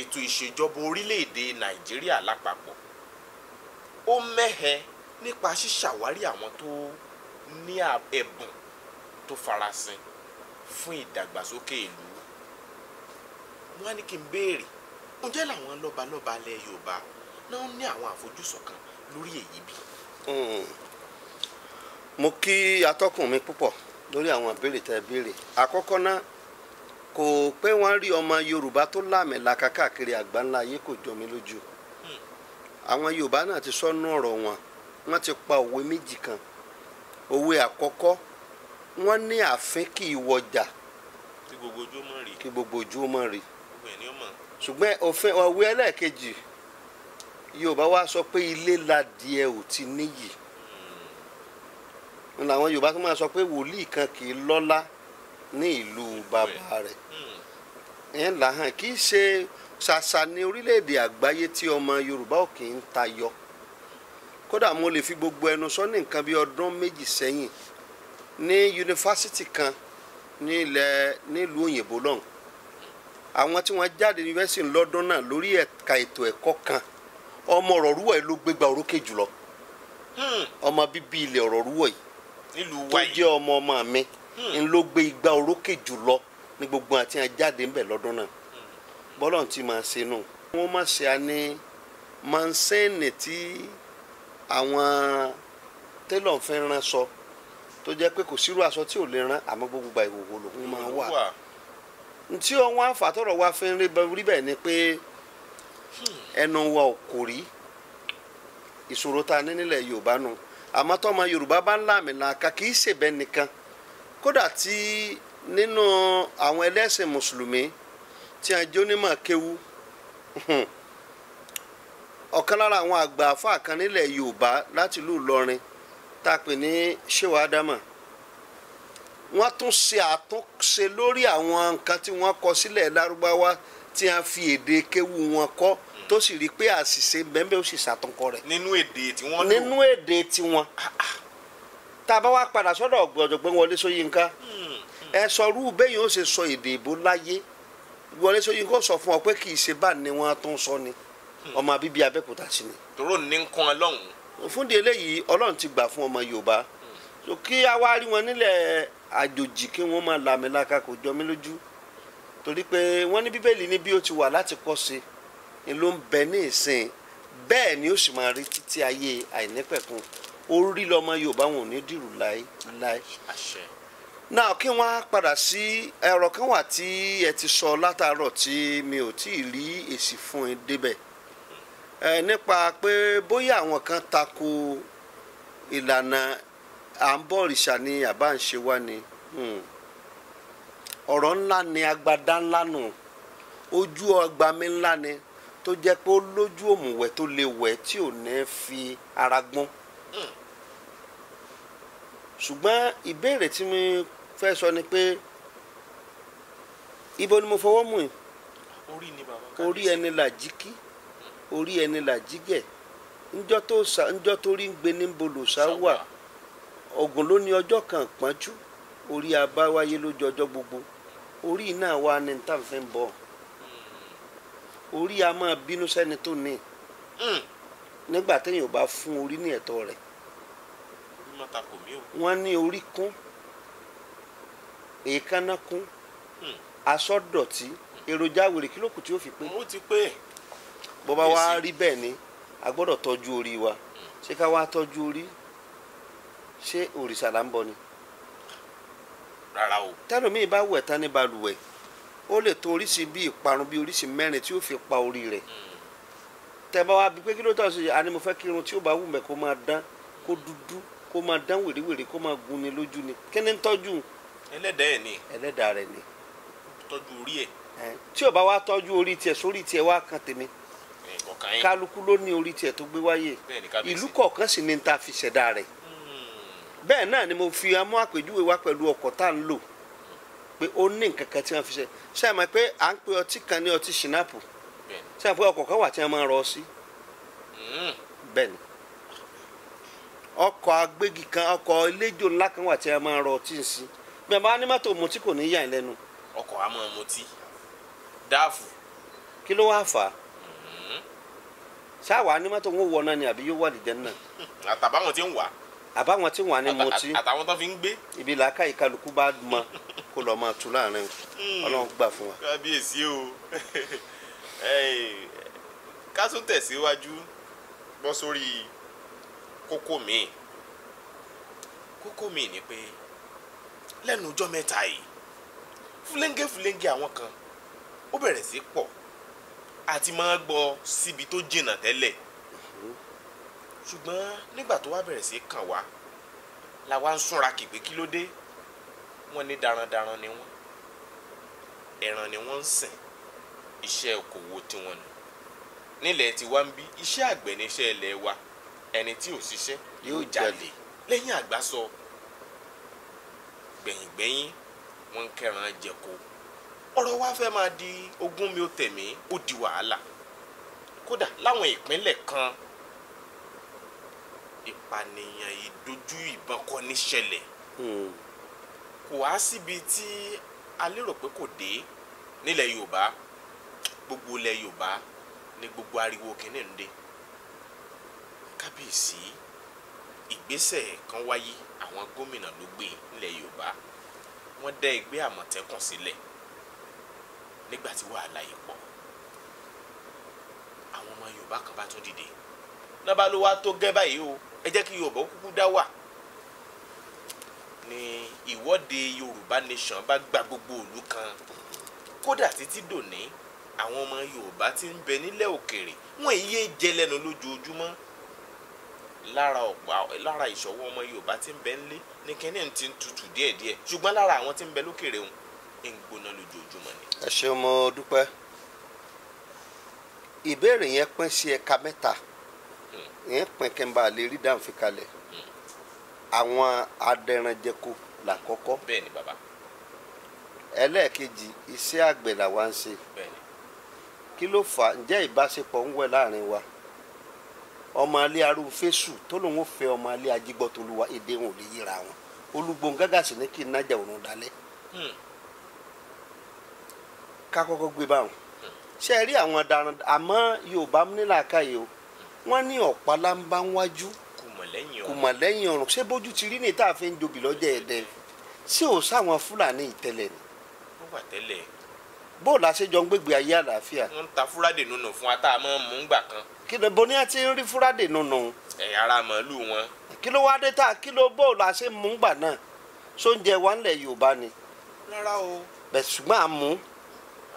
ètò ìṣèjọba orílẹ̀-èdè nàìjíríà lápapọ̀ ó mẹ́hẹ nípa ṣíṣàwárí àwọn tó ní ẹ̀bùn tó farasin fún ìdàgbàsókè ìlú wọn á ní kí n béèrè ǹjẹ́ làwọn lọ́balọ́ba alẹ́ Yorùbá náà ní àwọn àfojúsùn kan lórí èyí bí. Hmm. mo kí atọ́kùn mi púpọ̀ lórí àwọn ìbéèrè tẹ́ ẹ béèrè àkọ́kọ́ náà kò pé wọ́n rí ọmọ Yorùbá tó láàmìlaka káàkiri àgbáńlá ayé kò jọ mi lójú hmm. àwọn Yorùbá náà ti sọnù ọ̀rọ̀ wọn wọ́n ti pa òwe méjì kan òwe àkọ́kọ́ wọ́n ní àfín kì í wọjà kí gbogbo ojú ó mọ̀ rí ṣùgbọ́n òfin ọ̀wé ẹlẹ́ẹ̀kejì yorùbá wa sọ pé ilé ladìẹ ò ti níyì ní làwọn yorùbá tó máa sọ pé wòlíì kan kì í lọ́lá ní ìlú bàbá rẹ̀ hmm. ẹ̀ ń là hàn kì í ṣe ṣàṣà ní orílẹ̀-èdè àgbáyé tí ọmọ yorùbá ò kì í tayọ kódà mo lè fi gbogbo ẹnu sọ ní nǹkan bíi ọdún méjì sẹ́yìn ní yunifásitì kan ní nílùú òyìnbó lọ́hùn àwọn tí wọ́n jáde yunifásitì lọ́dún náà lórí ẹ̀ka ètò ẹ̀kọ́ kan ọmọ ọ̀rọ̀ rúwọ̀ yìí ló gbégbá orókè jùlọ hmm. ọmọ bíbí ilẹ̀ ọ̀rọ̀ rúwọ̀ yìí tó jẹ́ ọmọ ọmọ mi ń hmm. ló gbé igbá orókè jùlọ ní gbogbo àti àjáde ńbẹ̀ lọ́dún náà hmm. bọ́lá ti máa ṣe nù. wọ́n máa ṣe a ní mansẹ́ẹ̀nì tí àwọn tẹ́lọ̀ fẹ́ rán tó jẹ́ pé kò sírú aṣọ tí ò lè rán àmọ́ gbogbo ìhòòhò lòun máa wà ntí ọ̀hún àfàtọ̀rọ̀ wa fi ń rí bẹ́ẹ̀ ni pé ẹnu wa ò kò rí ìṣòro tá a ní nílẹ̀ yorùbá nu àmọ́ tọ́mọ yorùbá bá ń láàmì làákà kì í ṣèbẹ́ nìkan kódà tí nínú àwọn ẹlẹ́sìn mùsùlùmí tí a jẹ́ onímọ̀ kéwu ọ̀kan lára àwọn àgbà àfáà kan nílẹ̀ yorùbá láti ìlú ìlọrin tá a pè ní ṣéwàá wọ́n tún ṣe àtúnṣe lórí àwọn nǹkan tí wọ́n kọ sílẹ̀ lárúbáwá tí a fi èdè kéwu wọn kọ́ tó sì rí i pé àṣìṣe bẹ́ẹ̀ ó sì ṣàtúnkọ rẹ̀. nínú èdè tí wọ́n lò nínú èdè tí wọ́n. tá a bá wá padà sọ́dọ̀ ọ̀jọ̀gbọ́n Wọlé Ṣóyínká hmm. ẹ sọ rú bẹ́ẹ̀ yóò ṣe sọ èdè ìbò láyé Wọlé Ṣóyínká sọ fún ọ pé kì í ṣe bá ní wọn tó ń sọ ni hmm. ọmọ bíbí Abẹ́òkúta sí ni. tòró ní nǹkan ọlọ́run. fúndì eléyìí ọlọ́run ti gbà fún ọmọ Yorùbá so kí àwa wọn nílẹ̀ àjòjì kí wọ́n máa làmìlaka kò jọ mí lójú torí pé wọ́n ní bíbélì ní bí ó ti wà láti kọ́ sí ni ló ń bẹ ní ìsìn bẹ́ẹ̀ ni ó sì máa rí títí ayé àìnípẹ̀kun orí lọmọ yorùbá wọn ò ní dìrù láéláé. náà kí wọ́n á padà sí ẹ̀rọ kan wà tí ẹ ti sọ látàárọ̀ tí mi ò tí ì rí èsì fún ẹ débẹ̀ nípa pé bóyá àwọn kan tako ìlànà à ń bọ òrìṣà ni àbá ń ṣe wá ni hmm. ọ̀rọ̀ ńlá ni agbada ńlá nù ojú ọgbà mi ńlá ni tó jẹ́ pé ó lójú òmùwẹ̀ tó lè wẹ̀ tí ò ní fi ara gbọ́n hmm. ṣùgbọ́n ìbéèrè tí mi fẹ́ sọ ni pé ibo ni mo fọwọ́ mú yìí orí ni bàbá kàdé orí ẹni là jíkí orí ẹni là jígẹ̀ ńjọ́ tó rí ń gbé ní bolòṣà wà ògùn ló ní ọjọ́ kan pọ́njú orí abáwáyé lójú ọjọ́ gbogbo orí náà wà ní níta fi ń bọ̀ orí a máa bínú sẹ́ni tó ní hmm. nígbà téèyàn bá fún orí ní ẹ̀tọ́ rẹ̀ wọ́n ní orí kún èékánná kún hmm. aṣọ èròjà wèrè kí tí ó fi pé bó bá rí bẹ́ẹ̀ ni a gbọ́dọ̀ tọ́jú orí wa hmm. ṣé ká wá tọ́jú orí ṣé òrìṣà là ń bọ ni. rárá o. tẹlomiin bá wẹ̀ tán ní balùwẹ̀ ó lè tó oríṣi bíi ìparun bíi oríṣi mẹ́rin tí ó fi pa orí rẹ̀ hmm. tẹ́ bá wá bí pé kí ló tọ́ sí àní mo fẹ́ kí irun tí ó bá wù mẹ́ kó máa dán kó dúdú kó máa dán wèrèwèrè kó máa gun ni lójú ni kí ni ń tọ́jú. ẹlẹ́dàá ẹ̀ ni. ẹlẹ́dàá rẹ̀ ni. tọ́jú orí ẹ̀. tí ò bá wá tọ́jú orí tiẹ̀ sórí tiẹ̀ wá kan tèmi kálukú ló ní orí tiẹ̀ tó gbé wáyé ìlú kọ̀ọ̀kan sì ni ta fi ṣẹ̀dá rẹ̀ bẹ́ẹ̀ náà ni mo fi amú àpèjúwe wá pẹ̀lú ọkọ̀ tá n lò pé ó ní nǹkan kan tí wọ́n fi ṣe ṣe àmọ́ pé à ń pe ọtí kan ní ọtí ṣìnáàpù ṣe àpò ọkọ̀ kan wà tí wọ́n máa ń rọ sí hmm. bẹ́ẹ̀ ni ọkọ̀ agbégi kan ọkọ̀ eléjò ńlá kan wà tí wọ́n máa ń rọ ọtí sí bí wọ́n bá ní mọ́tò mutí kò ní yà ẹ́ lẹ́nu. ọkọ̀ àmọ́ mutí dáàfù. kí ló wá fà á hmm. ṣáà wà á ní mọ́tò ń wọ náà ni àbí yóò wà náà. [laughs] àtàbáwọn ti ń wà á. àbáwọn tí wọn á ní mutí àtàwọn tó fi ń gbé ibi làákàyè kálukú bá mọ kó lọ máa tu láàrin hmm. Ọlọ́run gbà fún wa. kábíyèsí o [laughs] ká tún tẹ̀síwájú bọ́ sórí kókó míì kókó míì ni pé lẹ́nu ọjọ́ mẹ́ta yìí fúlẹ́ńgẹ́ fúlẹ́ńgẹ́ àwọn kan ó bẹ̀rẹ̀ sí pọ̀ àti máa gbọ́ síbi tó jìnnà tẹ́lẹ̀ ṣùgbọ́n nígbà tó wá bẹ̀rẹ̀ sí kàn wá la wá ń súnra kìgbé kí ló dé wọ́n ní darandaran ni wọ́n ẹran ni wọ́n ń sìn iṣẹ́ okòwò tiwọn nù nílẹ̀ tiwa ń bí iṣẹ́ àgbẹ̀ ní iṣẹ́ ilẹ̀ wa ẹni tí ò ṣiṣẹ́ yóò jalè lẹ́yìn àgbà sọ gbẹ̀yìngbẹ̀yìn wọ́n ń kẹran jẹko ọ̀rọ̀ wa fẹ́ máa di ogún mi ò tẹ̀mí ó di wàhálà kódà láwọn ìpínlẹ̀ kan ìpànìyàn ìdojú ìbọn kọ́ ní ṣẹlẹ̀ hmm. kò á síbi tí a lérò pé kò dé nílẹ̀ Yorùbá gbogbo ilẹ̀ Yorùbá ní gbogbo ariwo kìíní ń dé kábíyèsí ìgbésẹ̀ kan wáyé àwọn gómìnà ló gbé nílẹ̀ Yorùbá wọ́n dá ẹgbẹ́ Àmọ̀tẹ́kùn sílẹ̀ nígbà tí wàhálà yìí pọ̀ àwọn ọmọ Yorùbá kan bá tún dìde náà bá ló wá tó gẹ́ báyìí o ẹ jẹ́ kí Yorùbá kúkú dá wà ni ìwọ́de Yorùbá nation bá gba gbogbo ìlú kan kódà títí dòní àwọn ọmọ Yorùbá ti ń bẹ nílẹ̀ òkèèrè wọn èyí jẹ lẹ́nu lójoojúmọ́ lára ọ̀pá lára ìṣọwọ́ ọmọ Yorùbá ti ń bẹ ńlé ní kíní ti ń tutù díẹ̀díẹ̀ ṣùgbọ́n lára àwọn ti ń bẹ lókèèrè òun ń gbóná lójoojúmọ́ ni. ẹ ṣé mo dúpẹ́ ìbéèrè yẹn pín sí ẹ̀ka mẹ́ta yẹn pẹ̀kẹ́ ń bá a lè rí dáhùn kalẹ̀ àwọn adẹranjẹko làkọ́kọ́ bẹ́ẹ̀ni bàbá ẹlẹ́ẹ̀kejì iṣẹ́ àgbẹ̀ làwa ń ṣe kí ló fà ǹjẹ́ ìbáṣepọ̀ ń wẹ̀ láàrin wa ọmọ alẹ́ arú fésù tó lóun ó fẹ́ ọmọ alẹ́ ajígbọ́tolúwa èdè wọn ò lè yíra wọn olùgbòǹgàgà sì ní kí n nájà òrùn dalẹ̀ hmm. ká kọ́kọ́ gbé báwọn hmm. ṣe rí àwọn daran àmọ́ yorùbá nílà káyìí o wọ́n ní ọ̀pá lámbá wájú kùmọ̀ lẹ́yìn ọ̀rùn ṣé bójú ti rí ní tá a ń dobi lọ́jọ́ ẹ̀dẹ́ ṣé ò sáwọn fúlàní ìtẹ́lẹ̀ ni. wọ́n wà tẹ́lẹ̀. bóòlù àṣejọ ń gbégbé ayé àlàáfíà. wọ́n ń ta fúrádè nùnù fún wa tá mú gbà kan. kí ló bóni àti rí fúrádè nùnù. ẹ̀yà ara màálù wọn. kí ló wáá dé tá kí ló bóòlù àṣe mú gbà náà sóúnjẹ wa ńlẹ̀ Yorùbá ni. rárá o. bẹ̀ ṣùgbọ́n à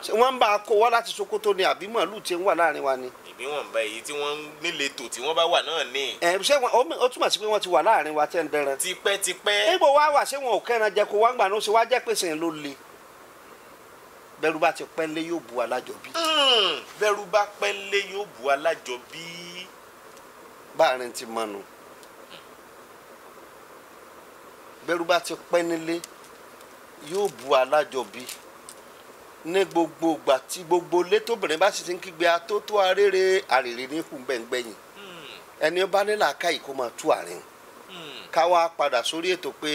ṣé wọ́n ń bá a kó wá láti Sokoto ni àbí màálù tí ń wà láàrin wa ni. ìbí wọn bá èyí tí wọn nílé tò tí wọn bá wà náà ní. ẹ ṣé wọn ó túmọ̀ sí pé wọ́n ti wà láàrin wa tẹ́ ń dẹran. tipẹ́ tipẹ́. níbo wá wà ṣé wọn ò kẹ́ran jẹ kó wá ń gbà náà ṣe wá jẹ́ pèsè ló le. bẹ́rù bá ti pẹ́ lé yóò bu alájọbí. Hmm, bẹ́rù bá pẹ́ lé yóò bu alájọbí. báàrin ti mọnu. bẹ́rù bá ti pẹ́ nílé yóò bu alájọbí. Mm ní gbogbo ìgbà tí gbogbo létóbìnrin bá sì ti ń kígbe atótó arére àrèrè ní kù gbẹ̀ngbẹ̀yìn hmm. ẹni ọba bá ní làákàyè kó máa tú àárín hmm. ká padà sórí ètò pé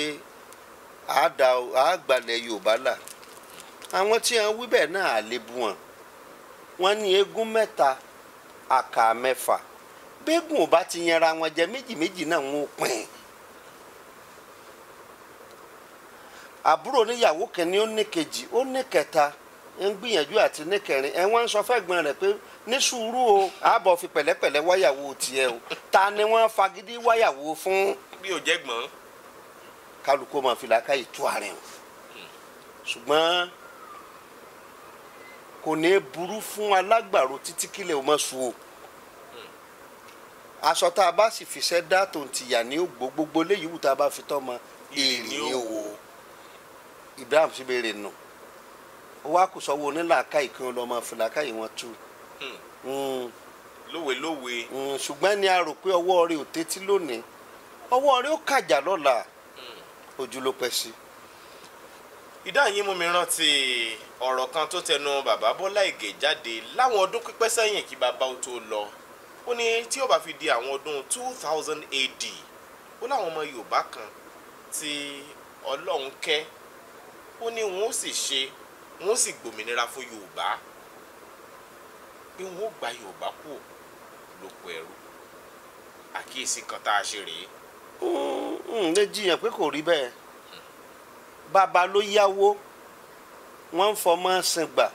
àgbàlẹ̀ Yorùbá là àwọn tí wọn wí bẹ́ẹ̀ náà àlebu wọn wọn ní eégún mẹ́ta àkà mẹ́fà bẹ́ẹ̀gùn ò ti yanra wọn jẹ méjì méjì náà wọn ò pín àbúrò ó ní kejì ń gbìyànjú àti níkẹrin ẹ wọ́n ń sọ fẹ́gbọ́n rẹ̀ pé ní sùúrù o àbọ̀ fi pẹ̀lẹ́pẹ̀lẹ́ wáyàwó tiẹ̀ o ta ni wọ́n fagídí wáyàwó fún. bí o jẹ́ gbọ́n. kálukó máa fi làákà yìí tú àárín o ṣùgbọ́n kò ní burú fún alágbàro títí kílẹ̀ o mọ̀ sùn o aṣọ tá a bá sì fiṣẹ́ dá tòǹtìyà ní ògbó gbogbo léyìí wù tá a bá fi tọ́ mọ èrè ni o Ibrahim sì béèrè nù. No wá kò sọ wo onílàáká ìkan lọmọ fìlàkà yìí wọn tú. Hmm. Hmm. lówe lówe. Hmm, ṣùgbọ́n ni a rò pé ọwọ́ rẹ ò tẹ́tí lónìí ọwọ́ rẹ ó kàjà lọ́la ojú ló pẹ́ sí. ìdá yín mú mi rántí ọ̀rọ̀ kan tó tẹnu bàbá Bọ́lá Ìgè jáde láwọn ọdún pípẹ́ sẹ́yìn kí bàbá ó tó lọ ó ní tí ó bá fi di àwọn ọdún two thousand AD ó láwọn ọmọ Yorùbá kan tí Ọlọ́run kẹ́ ó ní wọn ó sì ṣe wọ́n sì gbòmìnira fún yorùbá pé wọ́n gba yorùbá kúrò lóko ẹrú àkíyèsí kan tá a ṣe rèé. n lè jiyàn pé kò rí bẹ́ẹ̀ bàbá ló yáwó wọ́n ń fọmọ sẹ̀gbà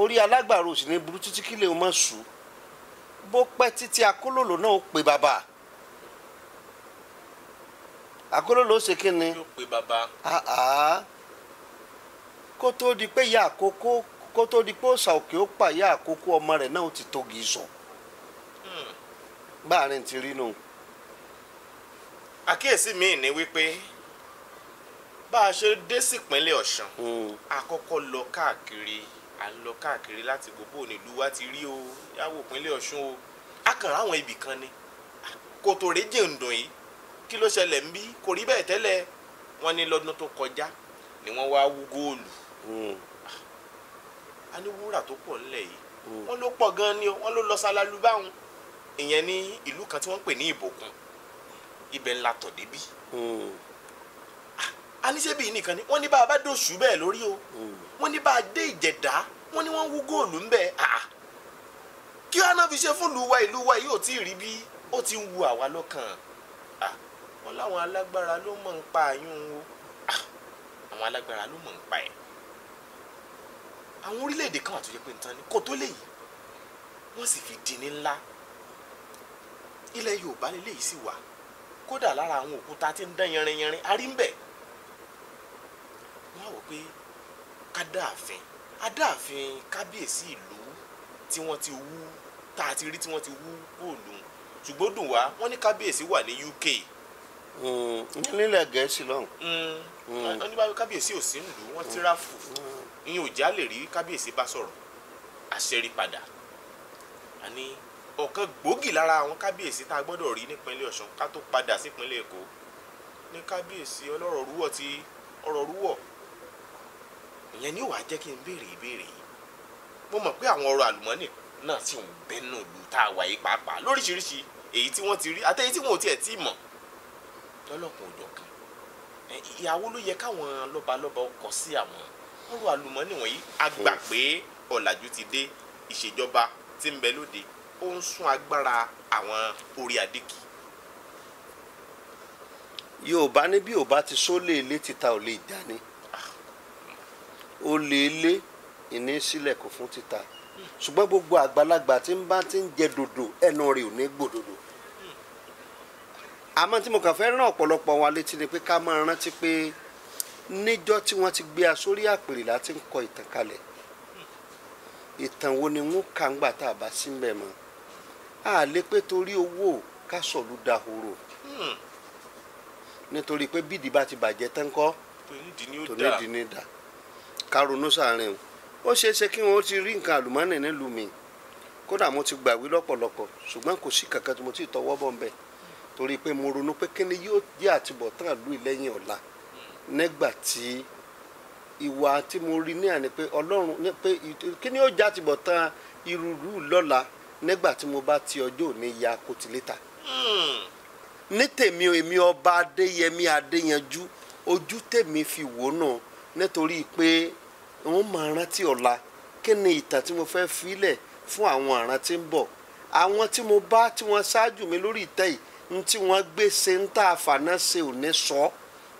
orí alágbàro sì ní burú títí kílẹ̀ wọn sùn bó pẹ́ títí akólòlò náà ó pe bàbá akólòlò ó ṣe kí ni. yóò pe bàbá kó tó di pé ìyá àkókò kó tó di pé òòsà òkè ó pa ìyá àkókò ọmọ rẹ̀ náà ó ti togi sọ hmm. báàrin ti rí nù. àkíyèsí mi ní wípé bá a ṣe dé sípínlẹ̀ ọ̀ṣun hmm. a kọ́kọ́ lọ káàkiri à ń lọ káàkiri láti gbogbo onílù wa ti rí o yàwó ìpínlẹ̀ ọ̀ṣun o a kàn ráwọn ibì kan ni kòtò rèéjì ń dùn yìí kí ló ṣẹlẹ̀ ń bí kò rí bẹ́ẹ̀ tẹ́lẹ̀ wọ́n ní lọ́dún tó kọjá ni wọ́n wá wú góòlù Hmm. a ní wúrà tó pọ̀ ńlẹ̀ yìí hmm. wọ́n ló pọ̀ gan-an ni wọ́n ló lọ sálálú báwọn ìyẹn ní ìlú kan tí wọ́n ń pè ní ìbòkun ibẹ̀ ńlá tọ̀ débí hmm. a ní sẹ́bí nìkan ni wọ́n ní bá a bá dòṣù bẹ́ẹ̀ lórí o wọ́n ní bá a dé ìjẹ̀dá wọ́n ní wọ́n ń wú góòlù ńbẹ kí wọn náà fi ṣe fún ìlú wa ìlú wa yìí ò tí ì rí bí ó ti ń wu àwa lọ́kàn wọn láwọn alágbára ló mọ̀ ń pa àyún o àwọn alágbára ló mọ̀ ń pa ẹ̀ àwọn orílẹ̀-èdè kan àtúnṣe pé nǹkan ni kò tó lè yìí wọ́n sì fi di ní ńlá ilẹ̀ Yorùbá lélẹ́yìí sì wà kódà lára àwọn òkúta tí ń dán yẹrinyẹrin a rí ń bẹ̀ wọ́n á wò pé ká dáàfin a dáàfin kábíyèsí ìlú tí wọ́n ti wú tá a ti rí tí wọ́n ti wú kóòlù ṣùgbọ́n dùn wá wọ́n ní kábíyèsí wà ní UK hmm, nílẹ̀ gẹ̀ẹ́sì lọ́hùn. Hmm, hmm. wọ́n ní báyọ̀ kábíyèsí ò sí ìlú wọ́n ti ráfù ìyẹn ò já lè rí kábíyèsí bá sọ̀rọ̀ àṣẹrí padà àní ọ̀kan gbòógì lára àwọn kábíyèsí tá a gbọ́dọ̀ rí nípínlẹ̀ ọ̀ṣun ká tó padà sípínlẹ̀ èkó ní kábíyèsí ọlọ́rọ̀ rúwọ̀ ti ọ̀rọ̀ rúwọ̀ ìyẹn ni ó wàá jẹ́ kí n béèrè ìbéèrè yìí mo mọ̀ pé àwọn ọ̀rọ̀ àlùmọ́nì náà ti ń bẹ́nu ìlú tá a wà yìí pàápàá lóríṣiríṣi èyí tí wọ́n ti rí àtẹ̀yí tí wọn ò tiẹ̀ tí ì mọ̀ lọ́lọ́kùn òjọ̀kan ìyàwó ló yẹ káwọn lọ́balọ́ba ọkọ̀ sí àwọn ọ̀rọ̀ àlùmọ́nì wọ̀nyí a gbà pé ọ̀làjú ti dé ìṣèjọba tí ń bẹ lóde ó ń sún agbára àwọn orí adé kì. yorùbá ní bí yorùbá ti sólé ilé títa ò lè dání ah. ó lè lé ìní sílẹ̀ kò fún títa ṣùgbọ́n gbogbo àgbàlagbà tí ń bá ti ń jẹ dòdò ẹnu rẹ̀ ò ní gbòdòdò hmm. àmọ́ tí mo kàn fẹ́ rán ọ̀pọ̀lọpọ̀ wa létí ni pé ká máa rántí pé. Pe níjọ́ tí wọ́n ti gbé a sórí àpèrè láti ń kọ ìtàn kalẹ̀ ìtàn wo ni wọ́n kà ń gbà tá a bá sí mbẹ̀ mọ́ a lè pé torí owó ká sọ̀lú dahoro hmm. nítorí pé bídìí bá ti bàjẹ́ tán kọ́ tònídìí ní dà ká ronú sàárín o ó ṣeé ṣe kí wọ́n ti rí nǹkan àlùmọ́nì nílùú mi kódà mo ti gbàwé lọ́pọ̀lọpọ̀ ṣùgbọ́n kò sí kankan tí mo ti tọwọ́ bọ̀ ń bẹ̀ torí pé mo ronú pé kí ni yóò jẹ́ àtibọ̀tán ìlú ìlẹ́yìn ọ̀la nígbà tí ìwà tí mo rí ní àná pé ọlọ́run pé kí ni ó já ti bọ̀ tán irúurú lọ́la nígbà tí mo bá ti ọjọ́ òní ya kòtìlétà. Hmm. ní tèmi èmi ọba adéyẹmí adéyanjú ojú tèmi fi wò náà nítorí pé wọ́n máa rántí ọ̀la kí ni ìtàn tí mo fẹ́ filẹ̀ fún àwọn àràn tí ń bọ̀ àwọn tí mo bá tí wọ́n ṣáájú mi lórí ìtẹ́ yìí ní tí wọ́n gbé ṣe ń tà àfàná ṣe ò ní sọ ọ́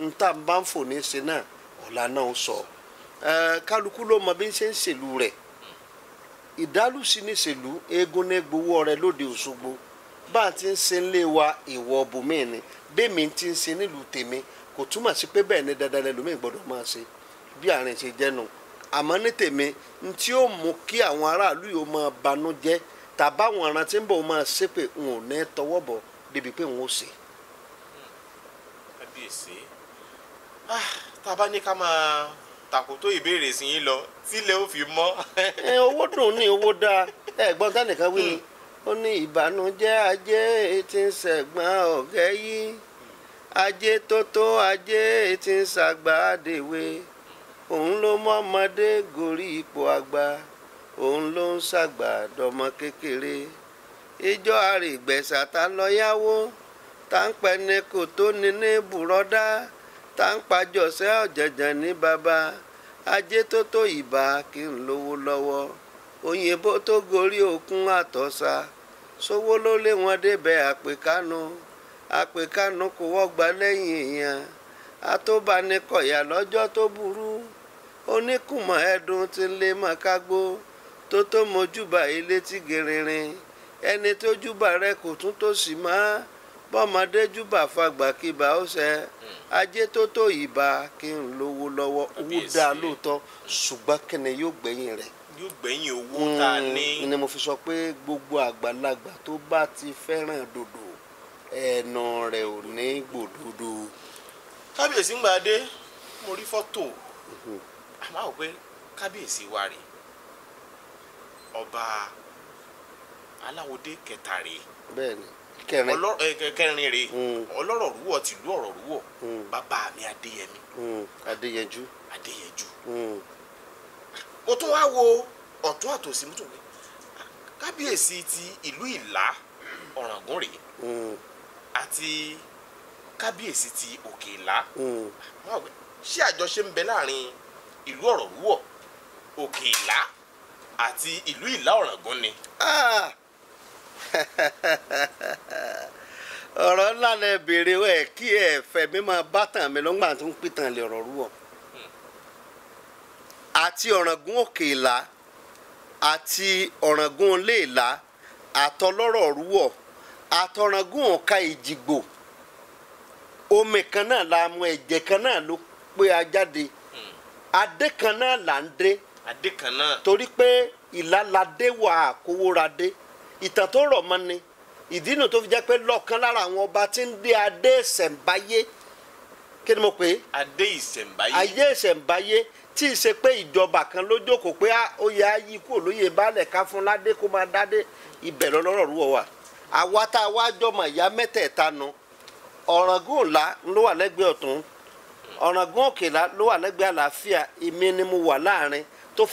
n tá n bá ń fò ní ṣe náà ọ̀la náà sọ kálukú ló mọ bí ń ṣe ń ṣèlú rẹ̀ ìdálù sí ní ṣèlú eégún ní gbowó ọrẹ lóde Òṣogbo bá a ti ń ṣe ńlé wa ìwọ bùnmí ni bẹ́ẹ̀mi ti ń ṣe nílùú tèmi kò túmọ̀ sí pé bẹ́ẹ̀ ni dandan lẹ́lòmíì gbọ́dọ̀ máa ṣe bí àárín ṣe jẹ́nu àmọ́ ní tèmi n tí ó mú kí àwọn aráàlú yìí ó máa banújẹ́ tàbáwọn ọ̀ràn tí ń bọ̀ máa ṣépè n ò ní tọwọ́ bọ̀ débi pé n ò ṣe. kábíyèsí Ah, tá a bá ní ká máa tàkótó ìbéèrè sí yín lọ tílẹ̀ ó fi mọ́. [laughs] Eh, owó dùn ní owó dáa ẹ̀gbọ́n tánìkan wí ni hmm. ó ní ìbànújẹ́ ajé tí ń ṣẹ̀gbọ́n ọ̀gẹ́ yìí ajé tó tó ajé tí ń ṣàgbà dèwe òun ló mọ ọmọdé gorí ipò àgbà òun ló ń ṣàgbà dọmọ kékeré ìjọ àrègbèsà ta lọ yáwó tá ni kò tó ni ní bùrọ́dá tá ń pàjọ́ sẹ́ ọ̀jẹ̀jẹ̀ ní bàbá ajé tó tó ìbá kí n lówó lọ́wọ́ òyìnbó tó gorí òkun àtọ́sà sówó ló lé wọn débẹ̀ àpèkánu àpèkánu kò wọ́gba lẹ́yìn èèyàn àtọ́bánikọ̀yà lọ́jọ́ tó burú oníkùmọ̀ ẹ̀dùn ti lé màkágbó tó tó mojúbà ilé tí gèrèrè ẹni tó júbà rẹ kò tún tó sì máa bọ́mọdé júbà fagbà kíbà ó ṣe ajé tó tó ìbá kí n lówó lọ́wọ́ owó dáa lóòótọ́ ṣùgbọ́n kíni yóò gbẹ̀yìn rẹ̀ yóò gbẹ̀yìn owó tá a ní. Hmm, ni mo fi sọ pé gbogbo àgbàlagbà tó bá ti fẹ́ràn dòdò ẹ̀nà rẹ̀ ò ní gbòdodo. kábíyèsí ń gbàdé mo rí fọ́tò àmọ́ mhm. àwọn pé kábíyèsí wa rè ọba aláwọ̀dé kẹta rèé. bẹ́ẹ̀ni kẹrin eh, rèé hmm. ọlọ́rọ̀ rúwọ̀ tìlú ọ̀rọ̀ rúwọ̀ hmm. bàbá mi adéyẹmí. Hmm. adéyẹjú. adéyẹjú. mo tún wá wo ọ̀tún àtòsí mú tún pé ah, kábíyèsí ti ìlú ìlá ọ̀ràngún rèé àti kábíyèsí ti òkè ìlá ṣé àjọṣe ń bẹ láàrin ìlú ọ̀rọ̀ rúwọ̀ òkè ìlá àti ìlú ìlá ọ̀ràngún ni. Ah. [laughs] ọ̀rọ̀ ńlá lẹ béèrè ẹ kí ẹ fẹ́ mi máa bá tàn mí lọ́gbà tó ń pìtàn lè rọ̀rú ọ̀ àti ọ̀ràngún òkè ìlà àti ọ̀ràngún ilé ìlà àtọlọ́rọ̀ rúwọ̀ àtọ̀ràngún ọ̀ka ìjìgbò omi kan náà la mu ẹ̀jẹ̀ kan náà ló pé a jáde adé kan náà là ń dé torí pé ìlà la dé wà á kówó ra dé. Hmm. ìtàn tó rọ̀ mọ́ ni ìdínà tó fi jẹ́ pé lọ́kàn lára àwọn ọba tí ń dé adé ìṣẹ̀ǹbáyé kí ni mo pè é. adé ayé tí ì ṣe pé ìjọba kan ló jókòó pé ah, ó ayé ikú olóye kúrò ká fún ládé kó máa dádé ibẹ̀ lọ́rọ̀ rú ọ wa. àwa tá a wá jọmọ ìyá mẹ́tẹ̀ẹ̀ta nu ńlá ló wà lẹ́gbẹ̀ẹ́ ọ̀tún òkèlá ló wà lẹ́gbẹ̀ẹ́ àlàáfíà èmi ni mo wà láàrin tó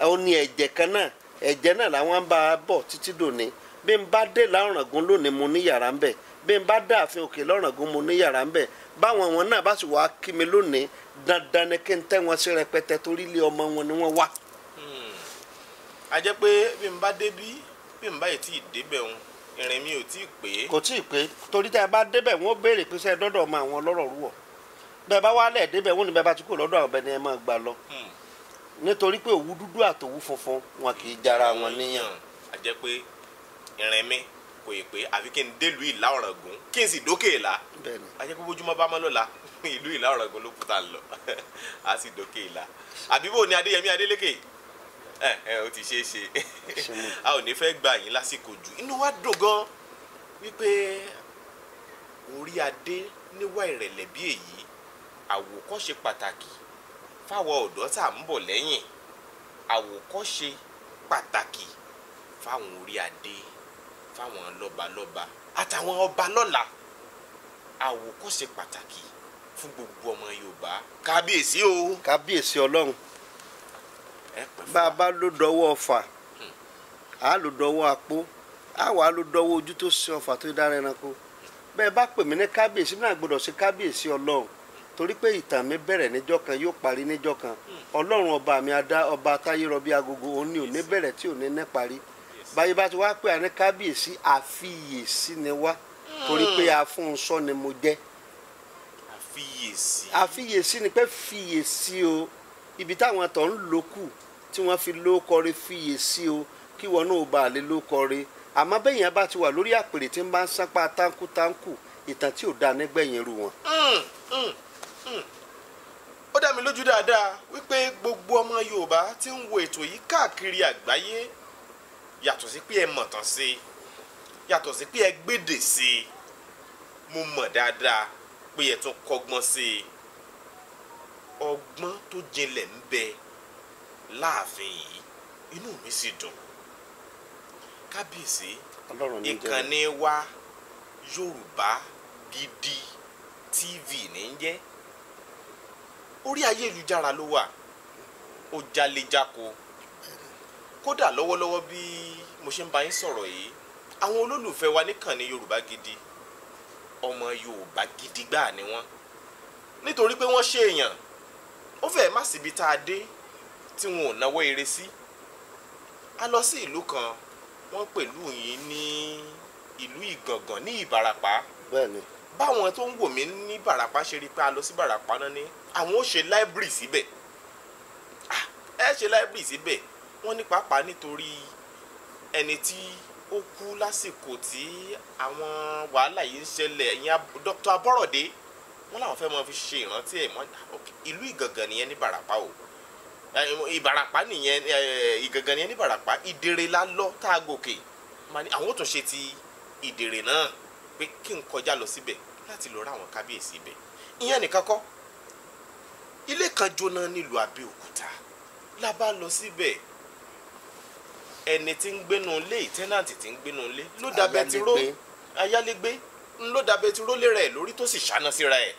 ó ní ẹ̀jẹ̀ kan náà ẹ̀jẹ̀ náà làwọn ń bá a bọ̀ títí dòní bí n bá dé lárangun lónìí mo ní yàrá ń bẹ̀ bí n bá dá ààfin òkè lọ́rangun mo ní yàrá ń bẹ̀ báwọn wọn náà bá sì wá kí mi lónìí dandan ni kí n tẹ́ wọn sí rẹpẹtẹ torí ilé ọmọ wọn ni wọ́n wà. Hmm. a jẹ́ pé bí n bá débí bí n bá yìí tí ì débẹ̀ wọn ìrìn mi ò tí ì pé. kò tí ì pé torí tá a bá débẹ̀ wọ́n béèrè pé sẹ́ẹ̀ dọ́dọ̀ ọmọ àwọn ọlọ́rọ̀ rú bẹ́ẹ̀ bá wálẹ̀ débẹ̀ wọ́n ní bẹ́ẹ̀ bá ti kú lọ́dọ̀ àwọn ọbẹ̀ ni ẹ máa gbà lọ. Hmm nítorí pé òwú dúdú àtòwú funfun wọn kì í jara wọn níyàn. a jẹ́ pé ìrìn mi kò yẹ pé àfi kí n délùú ìlà ọ̀ràngún kí n sì dókè ìlà a jẹ́ pé bójúmọ́ bá mọ́ lọ́la [laughs] ìlú ìlà ọ̀ràngún ló kù tá a lọ [laughs] a sì dókè ìlà àbí bò ní adéyẹmí adélékè ẹ ẹ o ti ṣeé ṣe [laughs] a ò ní fẹ́ gba yín lásìkò jù inú wa dùn gan wípé orí adé níwà ìrẹ̀lẹ̀ bí èyí àwòkọ́ṣe pàtàkì fáwọn ọ̀dọ́ tá à ń bọ̀ lẹ́yìn àwòkọ́ṣe pàtàkì fáwọn orí adé fáwọn lọ́balọ́ba àtàwọn ọba lọ́la àwòkọ́ṣe pàtàkì fún gbogbo ọmọ Yorùbá kábíyèsí o. kábíyèsí ọlọ́run bá a bá ló dọwọ́ ọfà hmm. a ló dọwọ́ apó a wà á ló dọwọ́ ojú tó sin ọfà tó dára ẹranko hmm. bẹ́ẹ̀ bá pè mí ní kábíyèsí náà gbọ́dọ̀ sí kábíyèsí ọlọ́run torí pé ìtàn mi bẹ̀rẹ̀ níjọ́ kan yóò parí níjọ́ kan ọlọ́run ọba mi adá ọba táyé rọbí agogo òun ni ò ní bẹ̀rẹ̀ tí ò ní ní parí báyìí bá ti wá pé àní kábíyèsí àfiyèsí ni wá torí pé afúnṣọ́ ni mo jẹ́. àfiyèsí. àfiyèsí ni pé fiyèsí o ibi táwọn tó ń lò kù tí wọ́n fi ló kọrí fiyèsí o kí wọn náà bá lè ló kọrí àmọ́ bẹ́yìn bá ti wà lórí àpèrè tí ń bá ń sápá táǹkù táǹkù ìtàn tí ò dáa nígbẹ̀yìn irú wọn. Mm, mm. Hmm. ó dá mi lójú dáadáa wípé gbogbo ọmọ Yorùbá ti ń wo ètò yìí káàkiri àgbáyé yàtọ̀ sí pé ẹ mọ̀tàn sí i yàtọ̀ sí pé ẹ gbèdè sí i mo mọ̀ dáadáa pé ẹ tún kọ́gbọ́n sí i ọgbọ́n tó jinlẹ̀ ń bẹ láàfin yìí inú mi sì dùn kábíyèsí ìkànnì wa Yorùbá Gidi TV ní ń jẹ́ orí ayélujára ló wà ó jalejako kódà lọ́wọ́lọ́wọ́ bí mo ṣe ń bá yín sọ̀rọ̀ yìí àwọn olólùfẹ́ wa níkànnì Yorùbá Gidi ọmọ Yorùbá Gidi gbáà ni wọ́n nítorí pé wọ́n ṣe èèyàn ó fẹ́ẹ́ má síbi tá a dé tí wọn ò náwó eré sí a lọ sí ìlú kan wọ́n pẹ̀lú yín ní ìlú Ìgàngàn ní Ìbàràpá bẹ́ẹ̀ báwọn tó ń wò mí ní Ìbàràpá ṣe rí pé a lọ sí Ìbàràpá náà ni àwọn ó ṣe láìbírì síbẹ̀ ah, ẹ ṣe láìbírì síbẹ̀ wọ́n ní pàápàá nítorí ẹni tí ó kú lásìkò tí àwọn wàhálà yìí ń ṣẹlẹ̀ ẹ̀yìn Dr. Aborode wọ́n làwọn fẹ́ máa fi ṣe ìrántí ẹ̀ mọ́ ah, ìlú Ìgàngàn nìyẹn ní Ìbàràpá o Ìbàràpá nìyẹn Ìgàngàn nìyẹn ní Ìbàràpá Ìdèrè la lọ tá a gòkè àwọn ò tún ṣe ti Ìdèrè náà pé kí n kọjá lọ síbẹ̀ láti lọ ra àwọn kábíyèsí ibẹ̀ ìyẹn nìkan kọ́ ilé kan jóná nílùú Abẹ́òkúta la bá lọ síbẹ̀ ẹni tí ń gbénu ilé ìtẹ́nàntì tí ń gbénu ilé ló da bẹtiró ayálégbé ló da bẹtiró lé rẹ̀ lórí tó sì ṣáná síra ẹ̀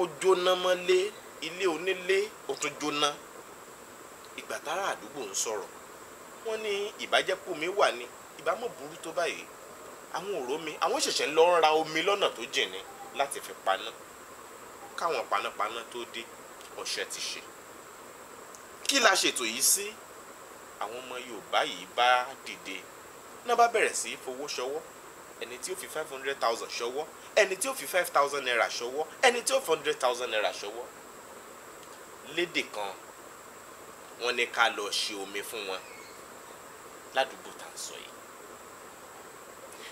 ó jóná mọ́lé ilé onílé ó tún jóná ìgbà tára àdúgbò ń sọ̀rọ̀ wọ́n ní ìbàjẹ́pọ̀ mi wà ní ìbámu burú tó báyìí àwọn ò rómi àwọn ṣẹ̀ṣẹ̀ ń lọ ra omi lọ́nà tó jìn ni láti fi paná káwọn panápaná tó dé ọṣẹ ti ṣe kí la ṣètò yìí sí àwọn ọmọ Yorùbá yìí bá dìde náà bá bẹ̀rẹ̀ sí í fowó ṣọwọ́ ẹni tí ó fi five hundred thousand ṣọwọ́ ẹni tí ó fi five thousand naira ṣọwọ́ ẹni tí ó fi hundred thousand naira ṣọwọ́ lédè kan wọ́n ní ká lọ ṣe omi fún wọn ládùúgbò tá à ń sọ yìí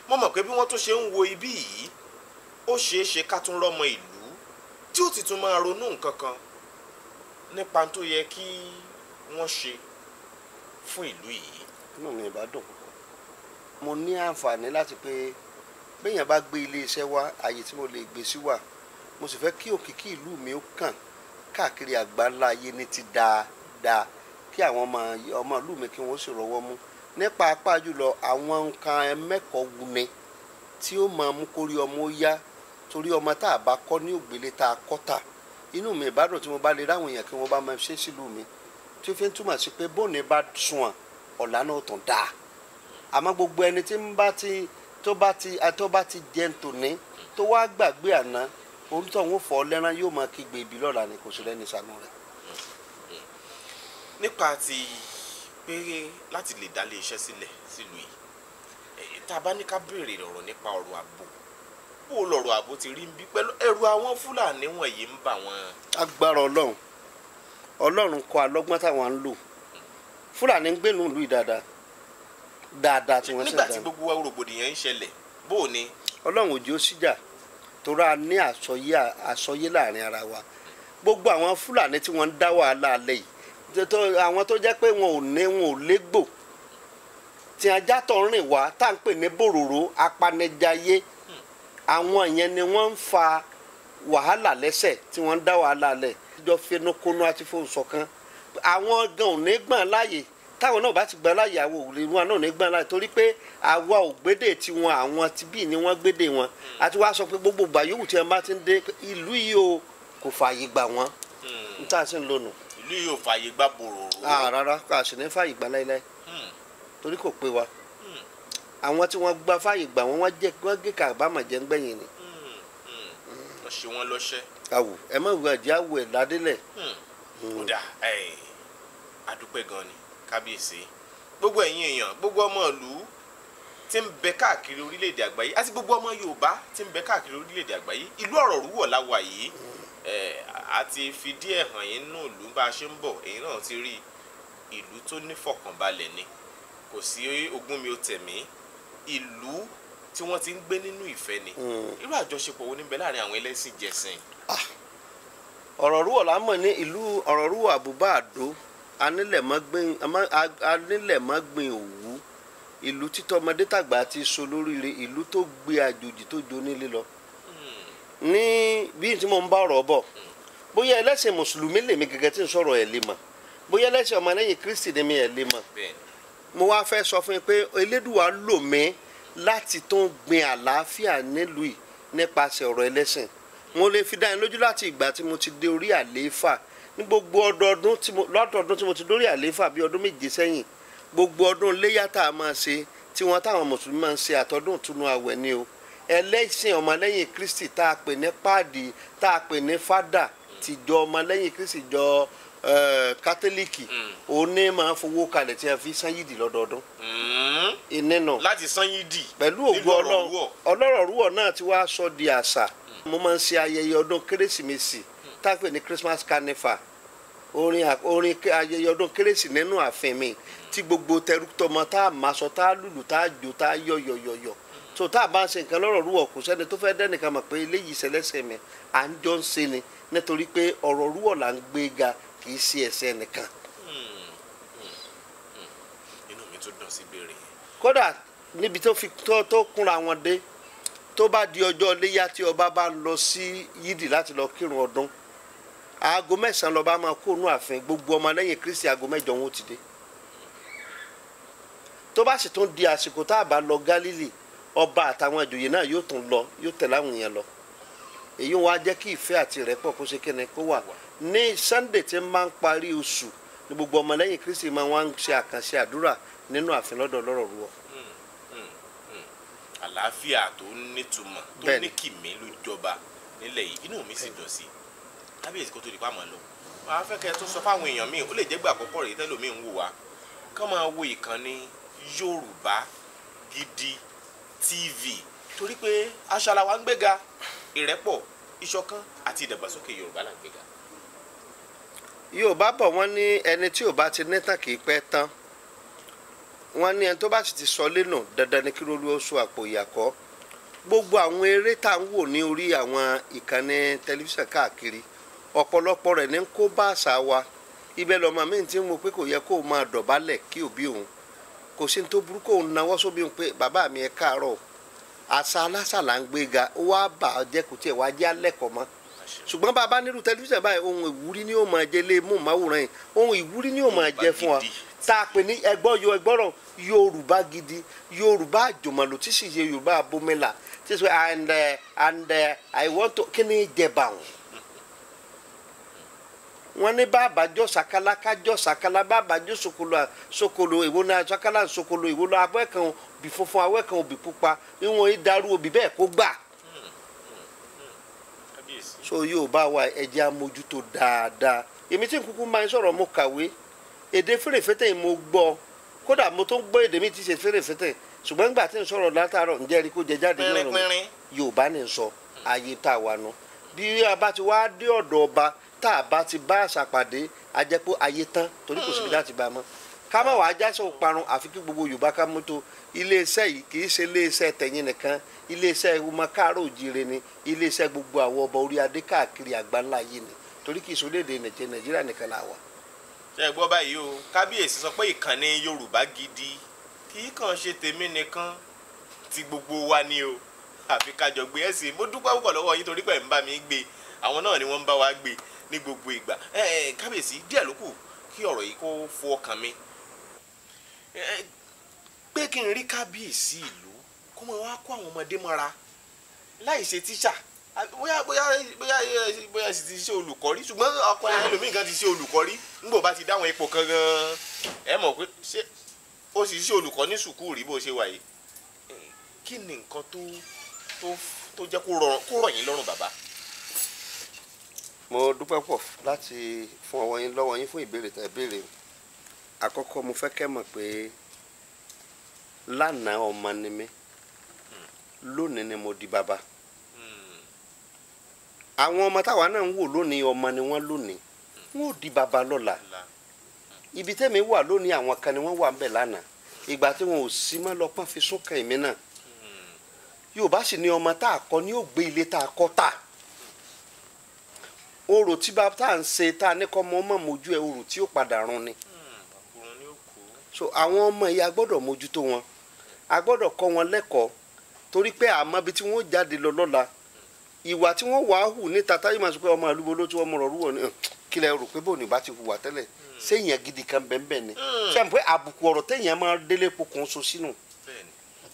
mo mọ̀ pé bí wọ́n tún ṣe ń wo ibí yìí ó ṣeé ṣe ká tún rọ́mọ ìlú tí ó ti tún máa ronú nǹkan kan nípa tó yẹ kí wọ́n ṣe fún ìlú yìí. inú mi ìbá dùn púpọ̀ mo ní àǹfààní láti pé béèyàn bá gbé iléeṣẹ́ wá àyè tí mo lè gbé sí wà mo sì fẹ́ kí òkìkí ìlú mi ó kàn káàkiri àgbáńlá ayé ní ti dáadáa kí àwọn ọmọ ìlú mi kí wọ́n sì rọwọ́ mú ní pàápàá jùlọ àwọn nǹkan ẹmẹ́kọ̀ọ́ wuni tí ó máa mú kórí ọmọ ó yá torí ọmọ tá a bá kọ́ ní ògbélé tá a kọ́ tà inú mi ìbádùn tí mo bá lè ráwọn èèyàn kí wọ́n bá máa ṣe sílùú mi tí ó fi ń túmọ̀ sí pé bóòní bá sùn à ọ̀la náà tàn dáa àmọ́ gbogbo ẹni tí ń bá ti tó bá ti tó bá ti jẹun tòní tó wá gbàgbé àná orúkọ òun fọ lẹ́rán yóò máa kígbe ibi lọ́la ni kò sí lẹ́ni sànú rẹ̀. nípa ti péré láti lè dá lé iṣẹ́ sílẹ̀ sílùú yìí tá a bá ní ká béèrè ọ̀rọ̀ nípa ọ̀rọ̀ ààbò bó lọ̀rọ̀ ààbò ti rí bí pẹ̀lú ẹ̀rù àwọn fúlàní wọ̀nyí ń bà wọ́n. agbára ọlọ́run ọlọ́run kọ́ alọ́gbọ́n táwọn ń lò fúlàní ń gbèlú ìlú dáadáa dáadáa tí wọ́n ṣe dáadáa. nígbà tí gbogbo rògbòdìyàn ń ṣẹlẹ̀ bó o ní. ọlọ́run òjì ó síjà torí ní àsọyé láàrin ara wa gbogbo àwọn fúlàní tí wọ́n ń dá wàhálà alẹ́ àwọn tó jẹ́ pé wọn ò ní wọn ò légbò tí ajá tó ń rìn wá tá à ń pè ní bòròró apanijayé àwọn yẹn ni wọ́n ń fa wàhálà lẹ́sẹ̀ tí wọ́n ń dá wàhálà lẹ̀ jọ fẹnukonu àti fòǹsọ̀kan àwọn gan ò ní gbọ̀n láàyè táwọn náà bá ti gbọ́n láàyè àwọn òwúlé wọn náà ní gbọ́n láàyè torí pé àwa ò gbédè tiwọn àwọn ti bí ni wọ́n gbédè wọn àti wàá sọ pé gbogbo ìgbà tí wọn bá ti ń dé ìlú yìí o kò fààyè gbà wọn hmm. níta lónìí ìlú yóò fààyè gbà bòrò. Ah, rárá a sì ní fààyè gbà láéláé hmm. torí kò pé wa hmm. àwọn tí wọ́n gba fààyè gbà wọ́n wá jẹ́ wọ́n gé kàbámọ̀ jẹ́ ńgbẹ̀yìn ni. Hmm, lọ ṣe wọn lọ́ṣẹ́. àwò ẹ má wù ẹ̀jẹ̀ àwò ẹ̀ ládélẹ̀. ó dà àdúpẹ́ gan ni kábíyèsí gbogbo ẹ̀yin èèyàn gbogbo ọmọ ìlú tí ń bẹ káàkiri orílẹ̀-èdè àgbáyé àti gbogbo ọmọ Yorùbá tí ń bẹ káàkiri orílẹ̀-èdè àgbáyé ìlú ọ̀rọ̀ rúwọ̀ láwa yìí àti fìdí ẹ̀ hàn yín nù ìlú bá a ṣe ń bọ̀ èyí náà ti rí ìlú tó nífọ̀kànbalẹ̀ ni kò sí ogún mi ò tẹ̀mí ìlú tí wọ́n ti ń gbé nínú ìfẹ́ ni hmm. irú àjọṣepọ̀ wo níbẹ̀ láàrin àwọn ẹlẹ́sìn jẹ̀sìn. Ah, ọ̀rọ̀ rúwọ̀ la mọ̀ ní ìlú ọ̀rọ̀ rúwọ̀ àbúbá àdó anílẹ̀mọ́gbìn òwú ìlú títọ́ ọmọdé tàgbà ti so lóríire ìlú tó gbé àjòjì tó jónílé lọ hmm. ní bí tí mo ń bá ọ̀rọ̀ bọ̀. Hmm bóyá ẹlẹ́sìn mùsùlùmí lèmi gẹ́gẹ́ tí ń sọ̀rọ̀ ẹ̀ lè mọ̀ bóyá ẹlẹ́sìn ọmọlẹ́yìn kristi ni mi ẹ̀ lè mọ̀ mo wá fẹ́ sọ fún yín pé elédùwà lò mí láti tó ń gbin àlàáfíà nílùú nípasẹ̀ ọ̀rọ̀ ẹlẹ́sìn mo lè fi dá yín lójú láti ìgbà tí mo ti dé orí àlééfà ní gbogbo ọdọọdún tí mo lọ́dọọdún tí mo ti dórí àlééfà bíi ọdún méje sẹ́yìn gbogbo ọdún léyà tá a máa ṣe tí wọ́n táwọn mùsùlùmí máa ń ṣe àtọ́dún ìtúnu àwẹ̀ ni o ẹlẹ́sìn ọmọlẹ́yìn kristi tá a pè ní páàdì tá a pè ní fádà sì jọ ọmọlẹ́yìn kristi jọ kátólíìkì hmm. òun ní máa fowó kalẹ̀ tí a fi sanyidi lọ́dọọdún. Hmm. iná nà láti sanyidi pẹ̀lú ògùn ọlọ́rọ̀ rúwọ̀ náà ti wá sọ di àṣà. Hmm. mo máa ń ṣe ayẹyẹ ọdún kérésìmesì tá a pè ní Christmas carnival orin orin ayẹyẹ ọdún kérésì nínú ààfin mi tí gbogbo tẹrútọmọ tá a máa sọ tá a lùlù tá a jó tá a yọyọyọyọ tó tá a bá ń ṣe nǹkan lọ́rọ̀ rúwọ̀ kò sẹ́ni tó fẹ́ dẹ́nìkan mọ̀ pé eléyìí ṣẹlẹ́sẹ̀ mi à ń jọ ń ṣe ni nítorí pé ọ̀rọ̀ rúwọ̀ là ń gbé ga kì í ṣe ẹ̀sẹ̀ nìkan. inú mi tún dùn sí ìbéèrè yẹn. kódà níbi tó fi tó kúnra wọn dé tó bá di ọjọ́ iléyà tí ọba bá lọ sí yídì láti lọ kírun ọdún aago mẹ́sàn-án lọ́ba máa kóònù ààfin gbogbo ọmọ lẹ́yìn kristi aago mẹ́jọ wọn ó ti dé tó bá sì tún di àsìkò tá a bá lọ Gálílì ọba àtàwọn ìjòyè náà yóò tún lọ yóò tẹ̀lé àwọn èèyàn lọ èyí wọn á jẹ́ kí ìfẹ́ àti ìrẹ́pọ̀ kó ṣe kíni kó wà ní sunday tí máa ń parí oṣù ní gbogbo ọmọlẹ́yìn kristi máa wá ń ṣe àkànṣe àdúrà nínú ààfin lọ́dọ̀ lọ́rọ̀ rú ọ. àlàáfíà tó nítumọ̀ tó ní kìmí ló jọba nílẹ̀ yìí inú mi sì dùn sí i kábíyèsí kó tó di pàmò lọ màá fẹ́ kẹ́ ẹ tún sọ fáwọn èèyàn míì ó lè jẹ́ gbà àkọ́kọ́ rèé tẹ́lómi ń wò wá kán máa wo ìkànnì Yorùbá Gidi TV torí pé aṣọ àlàwà ń gbéga ìrẹ́pọ̀ ìṣọ̀kan àti ìdàgbàsókè yorùbá là ń gbéga. yorùbá bọ̀ wọ́n ní ẹni tí ò bá ti nítàn kì í pẹ́ tán wọ́n ní ẹni tó bá sì ti sọ lẹ́nu dandan ni kí ló ló so àpò ìyàkọ́ gbogbo àwọn eré tá à ń wò ní orí àwọn ìkànnì tẹlifíṣàn káàkiri ọ̀pọ̀lọpọ̀ rẹ̀ ní kó bá àṣà wa ibẹ̀ lọ́mọ mi ti ń mo pé kò yẹ kó máa dọ̀bálẹ̀ kí òbí òun kò sí ní tó burúkú òun náwó sóbi òun pé bàbá mi ẹ káàárọ̀ àṣà alásàlà ń gbéga ó wá bà á jẹ́ kó wá jẹ́ alẹ́kọ̀ọ́ mọ́ ṣùgbọ́n bá a bá tẹlifíṣàn báyìí ohun ìwúrí ni yóò máa jẹ lé mú yìí ohun ìwúrí ni yóò máa jẹ fún ọ tá a pè ní ẹgbọ́ yo ẹgbọ́rọ̀ Yorùbá gidi Yorùbá àjòmọ̀lò tí sì Yorùbá abomela tí sọ and uh, and uh, I want to kí ni jẹ bàwọn wọ́n ní bàbá jọ sakala kájọ sàkálà bàbá jọ sokolo sokolo èwo náà sàkálà sokolo èwo náà abọ́ ẹ̀kan òbí funfun awọ́ ẹ̀kan òbí pupa ìwọ̀n ìdarú òbí bẹ́ẹ̀ kó gbà. so yóò bá wa ẹ̀jẹ̀ amójútó dáadáa èmi tí n kúkú máa ń sọ̀rọ̀ mo kàwé èdè fèrèfètè mo gbọ́ kódà mo tó ń gbọ́ èdè mi ti ṣe fèrèfètè ṣùgbọ́n nígbà tí n sọ̀rọ̀ látàárọ̀ ǹjẹ́ rí kó jẹ jáde lọ́rùn yorùbá ni sọ ayé tá a wà nù bí a bá ti wá dé ọ̀dọ̀ ọba tá a bá ti bá àṣà pàdé a jẹ́ pé ayé tán torí kò síbi hmm. láti bá a mọ́ ká má wàá jáṣọ parun àfi kí gbogbo Yorùbá ká mú tó iléeṣẹ́ yìí kì í ṣe iléeṣẹ́ tẹ̀yìn nìkan iléeṣẹ́ ọmọ káàárọ̀ òjire ni iléeṣẹ́ gbogbo àwọn ọba orí adé káàkiri àgbáńlá yìí ni torí kì í ṣe orílẹ̀-èdè Nàìjíríà nìkan là wà. ṣe é gbọ́ báyìí o kábíyèsí sọ pé ìkànnì Yorùbá Gidi kì í kàn ṣe tèmi nìkan ti gbogbo wa ni o àfi kájọ gbé ẹ̀sìn mo dúpẹ́ púpọ̀ lọ́wọ́ yín torí pé ń bá mi gbé àwọn náà ni wọ́n ń bá wa gbé ní gbogbo ìgbà kábíyèsí díẹ̀ ló kù kí ọ̀rọ̀ yìí kó fọ ọkàn mi pé kí n rí kábíyèsí ìlú kó mọ wá kó àwọn ọmọdé mọ́ra láì ṣe tíṣà bóyá bóyá bóyá bóyá sì ti ṣe olùkọ́ rí ṣùgbọ́n ọkùnrin ẹlòmíì kan ti ṣe olùkọ́ rí nígbò bá ti dáwọn ipò kan gan ẹ mọ̀ pé ṣé ó sì ṣe olùkọ́ ní sùkúù rí bó ṣe wà yìí kí ni nǹkan tó tó tó jẹ́ kó rọ̀ yín lọ́rùn bàbá mo dúpẹ́ pọ̀ láti fún ọwọ́ yín lọ́wọ́ yín fún ìbéèrè tẹ̀ béèrè àkọ́kọ́ mo fẹ́ kẹ́ mọ̀ pé lánàá ọmọ ni mí lónìí ni mo di bàbá àwọn ọmọ táwa náà ń wò lónìí ọmọ ni wọ́n lónìí wọ́n ò di bàbá lọ́la ibi tẹ́mi wà lónìí àwọn kan ni wọ́n wà ń bẹ̀ lánàá ìgbà tí wọn ò sí mọ́ lọ́pọ́n fi sún kan náà yóò bá sì ní ọmọ tá a kọ́ ni yóò gbé ilé tá a kọ́ tà. Ta orò tí bá tá à ń ṣe tá a ní kọ́ mọ́ mọ́ mojú ẹ orò tí ó padà run ni. Hmm, so àwọn ọmọ yìí a gbọ́dọ̀ mójútó wọn a gbọ́dọ̀ kọ́ wọn lẹ́kọ̀ọ́ torí pé àmọ́ ibi tí wọ́n jáde lọ lọ́la ìwà tí wọ́n wàá hù níta táyé máa sọ pé ọmọ àlúgbó ló tí wọ́n mọ̀rọ̀ rúwọ̀ ni kílẹ̀ rò pé bóun ìbá ti hùwà tẹ́lẹ̀ séèyàn hmm. gidi kan bẹ́ẹ̀ ni sẹ́yìn hmm. pé àbùkù ọ̀rọ̀ téèyàn máa délé pokùn so sínú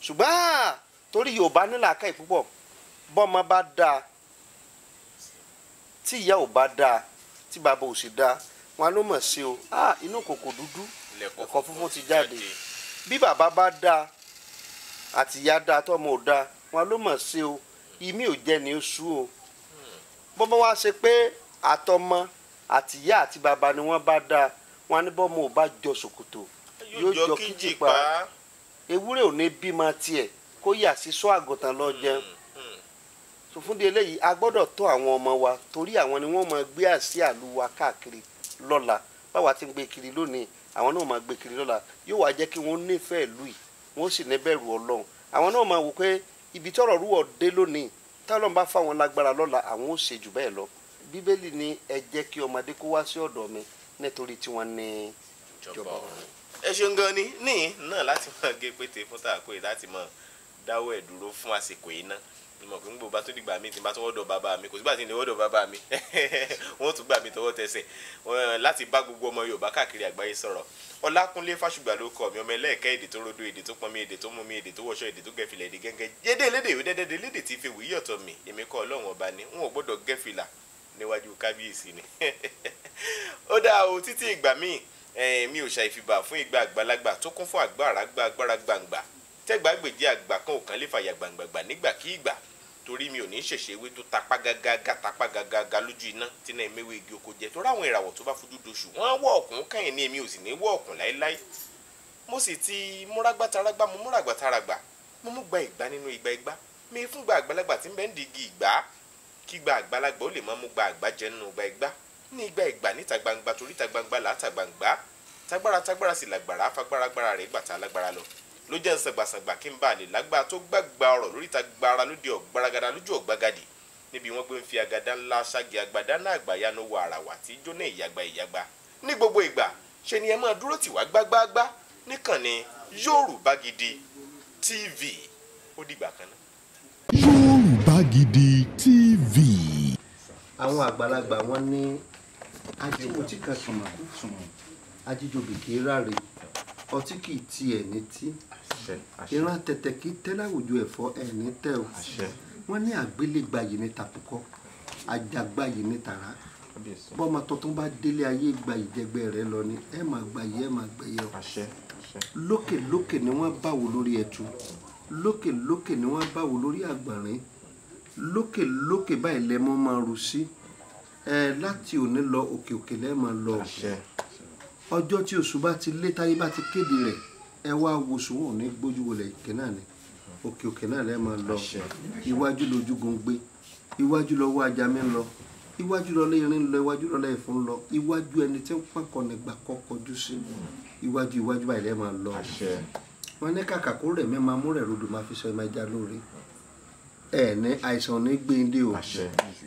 ṣùgbọ́n torí Yorùbá nílà ká ì púpọ̀ bọ́ọ̀mọ bá dáa tí ìyá ò bá dáa tí bàbá ò sì dáa wọn ló mọ̀ sí o ah inú kòkò dúdú ẹ̀kọ́ funfun ti jáde bí bàbá bá dáa àti ìyá dáa tọ́mọ ò dáa wọn ló mọ̀ sí o ìmí ò jẹ́ ni ó sú o bọ́bọ́ wá ṣe pé àtọmọ àti ìyá àti bàbá ni wọ́n bá dáa wọn ní bọ́mọ ò bá jọ ṣòkòtò yóò jọ kíjì pa ewúrẹ́ ò ní bímọ tiẹ̀ kó yà sí sọ àgùntàn lọ jẹun. Mm so fún di eléyìí a gbọ́dọ̀ tọ́ àwọn ọmọ wa torí àwọn ni wọ́n máa gbé àsíá àlùwà káàkiri lọ́la báwa ti ń gbé kiri lónìí àwọn náà máa gbé kiri lọ́la yóò wá jẹ́ kí wọ́n nífẹ̀ẹ́ ìlú yìí wọ́n sì níbẹ̀rù ọlọ́run àwọn náà máa wò pé ibi tọ́rọ̀ rúwọ̀ dé lónìí tọ́lọ́n bá fáwọn lágbára lọ́la àwọn ò ṣe jù bẹ́ẹ̀ lọ bíbélì ni ẹ jẹ́ kí ọmọdé kó wá sí ọ̀dọ̀ mi nítorí tí wọ́n ní ìjọba ọ̀run ẹ ṣeun gan ni níyìn náà láti máa gé pété fún tààkó dáwọ́ ẹ̀ dúró fún àsìkò yìí ná ìmọ̀ kí n gbọ́ bá tó dìgbà mi tí n bá tún wọ́dọ̀ bàbá mi kò sígbà tí n lè wọ́dọ̀ bàbá mi [laughs] wọ́n tún gbà mí tọwọ́ tẹsẹ̀ eh, láti bá gbogbo ọmọ Yorùbá káàkiri àgbáyé sọ̀rọ̀ Ọlákúnlé Fásùgbà ló kọ mi ọmọ ẹlẹ́ẹ̀kẹ́ èdè tó rodo èdè tó pọnmi èdè tó mú mi èdè tó wọṣọ èdè tó gẹ̀fìlà èdè gẹ́gẹ́ yédè lédè ìwé dẹ́dẹ́dẹ́ lédè tí fi wì mi èmi kọ́ Ọlọ́run ọba ni n ò gbọ́dọ̀ gẹ̀fìlà níwájú kábíyèsí ni [laughs] ó dáa o títí eh, mi ò ṣàìfibà fún ìgbà àgbàlagbà tó kún fún àgbà àràgbà agbára tẹ́gbàgbèje àgbà kan ò kàn lè fàyà gbàǹgbàǹgbà nígbàkígbà torí mi ò ní ṣẹ̀ṣẹ̀ ewé tó tapá gágá tapá gágá lójú iná tí náà mẹ́wé igi oko jẹ torí àwọn ìràwọ̀ tó bá fojú doṣù wọ́n wọ̀ ọ̀kùn káyìn ní èmi ò sì ní wọ̀ ọ̀kùn láéláé mo sì ti múragbátaragbá mo múragbátaràgbà mo mú gba ìgbà nínú ìgbà ìgbà mi fún gba àgbàlagbà tí ń bẹ́ ń di igi ìgbà kí gba àgbàlagbà ó lè máa mú gba àgbà jẹ nínú ìgbà ìgbà ìgbà níta gbangba torí ta gbangba làá ta gbangba tagbára tagbára sì làgbàrá fagbára gbára rẹ̀ gbàtà lágbára lọ ló jẹ́ nsàgbàsàgbà kí n bá lè lágbára tó gbàgbà ọ̀rọ̀ lórí ta gbára lóde ọ̀gbaragada lójú ọ̀gbagadì níbi wọ́n gbé ń fi àgàdá ńlá ṣáàgì àgbàdá náà àgbàyanu wà ara wà tí jóná ìyàgbá ìyàgbá ní gbogbo ìgbà ṣe ni ẹ máa dúró tì wá gbágbáágbá níkànnì Yorùbá Gidi TV ó dìgbà kan náà. Yorùbá Gidi TV. àwọn àgbàlagbà wọn ní ajíjòbí kan kì í kú ajíjòbí kì í ráre ọtí kì í ti ẹ̀ létí ìran tẹ̀tẹ̀ kì í tẹ́ láwùjọ ẹ̀fọ́ ẹ̀ ní tẹ́ o wọ́n ní àgbélégbà yìí ní tàkùkọ àjàgbà yìí ní tàrá bọ́mọ tuntun bá délé ayé gba ìjẹgbẹ́ rẹ lọ ni ẹ máa gba yìí ẹ máa gbẹ̀yẹ o lókè lókè ni wọ́n bá wò lórí ẹ̀tù lókè lókè ni wọ́n bá wò lórí àgbọ̀nrín lókè lókè báyìí lẹ́mọ́ máa rù sí ẹ láti òní lọ òkè òkè lẹ́ẹ̀ lọ ọjọ́ tí òṣùbá ti lé táyé bá ti kéde rẹ̀ ẹ wá wosùn wọn ní gbójú wọlé ìkẹ́ náà ni òkè òkè náà lẹ́ẹ̀ máa lọ iwájú lójú gòǹgbé iwájú lọ́wọ́ ajami ń lọ iwájú lọ́lẹ́ irin ń lọ iwájú lọ́lẹ́ ìfún ń lọ iwájú ẹni tí ń pàkọ́ nígbà kọ́ kọjú sí iwájú iwájú báyìí lẹ́ẹ̀ máa lọ wọn ní kàkà kó rẹ̀ mi máa mú rẹ̀ rodò máa fi sọ ẹ̀ma ẹja lóore ẹ àìsàn ní gbéńdé e o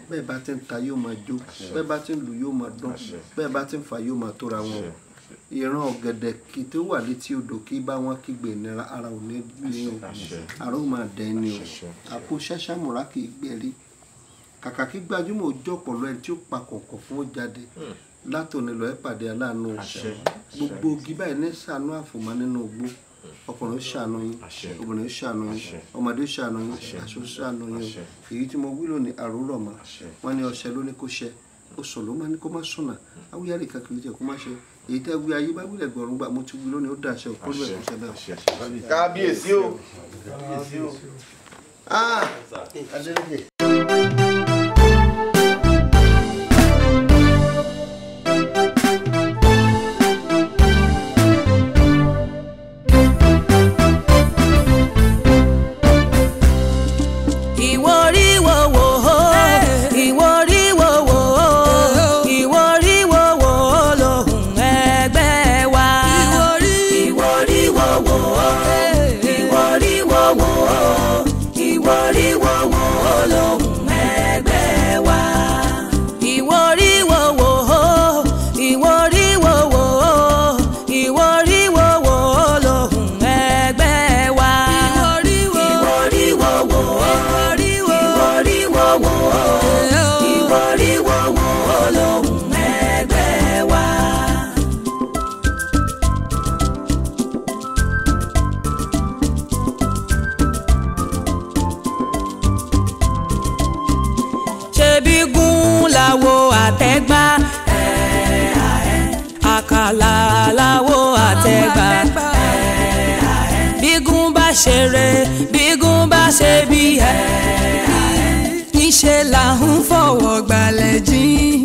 bẹ́ẹ̀ bá ti ń ta yóò máa jó bẹ́ẹ̀ bá ti ń lù yóò máa dán bẹ́ẹ̀ bá ti ń fà yóò máa tóra wọn o ìran ọ̀gẹ̀dẹ̀ kí tó wà létí odò kí bá wọn kígbe ìnira ara ò ní ní o ara ò máa dẹ ni o àpò ṣáṣámùrá kì í gbẹ̀rí kàkà kí gbajúmọ̀ ojú ọ̀pọ̀lọ́ ẹni tí ó pa kọ̀ọ̀kan fún ó jáde hmm. látòní lọ ẹ pàdé aláàánú gbogbo ogi báyìí ní sànú àfòmọ́ nínú ogbó hmm. ọkùnrin ṣàánú yín obìnrin ṣàánú yín ọmọdé ṣàánú yín aṣọ ṣàánú yín èyí tí mo wí lónìí àròrọ̀ mọ́ wọn ni ọṣẹ ló ní kó ṣẹ oṣù ló máa ní kó má sùnà hmm. awúyárì kankan kò má ṣe èyí tẹ́ wí ayé bá wílẹ̀ gbọ̀rún gbà mo ti wí lónìí ó dàṣẹ òkú lóẹ̀ kó ṣẹlẹ̀ kábíyèsí o. Ah, ṣe là ń fọwọ́ gbalẹ̀ jìn.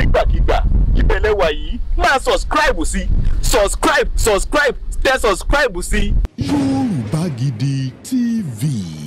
nígbàkigbà ìbẹ̀lẹ̀wà yìí máa subscribe sí subscribe subscribe tẹ subscribe sí. Yorùbá Gidi TV.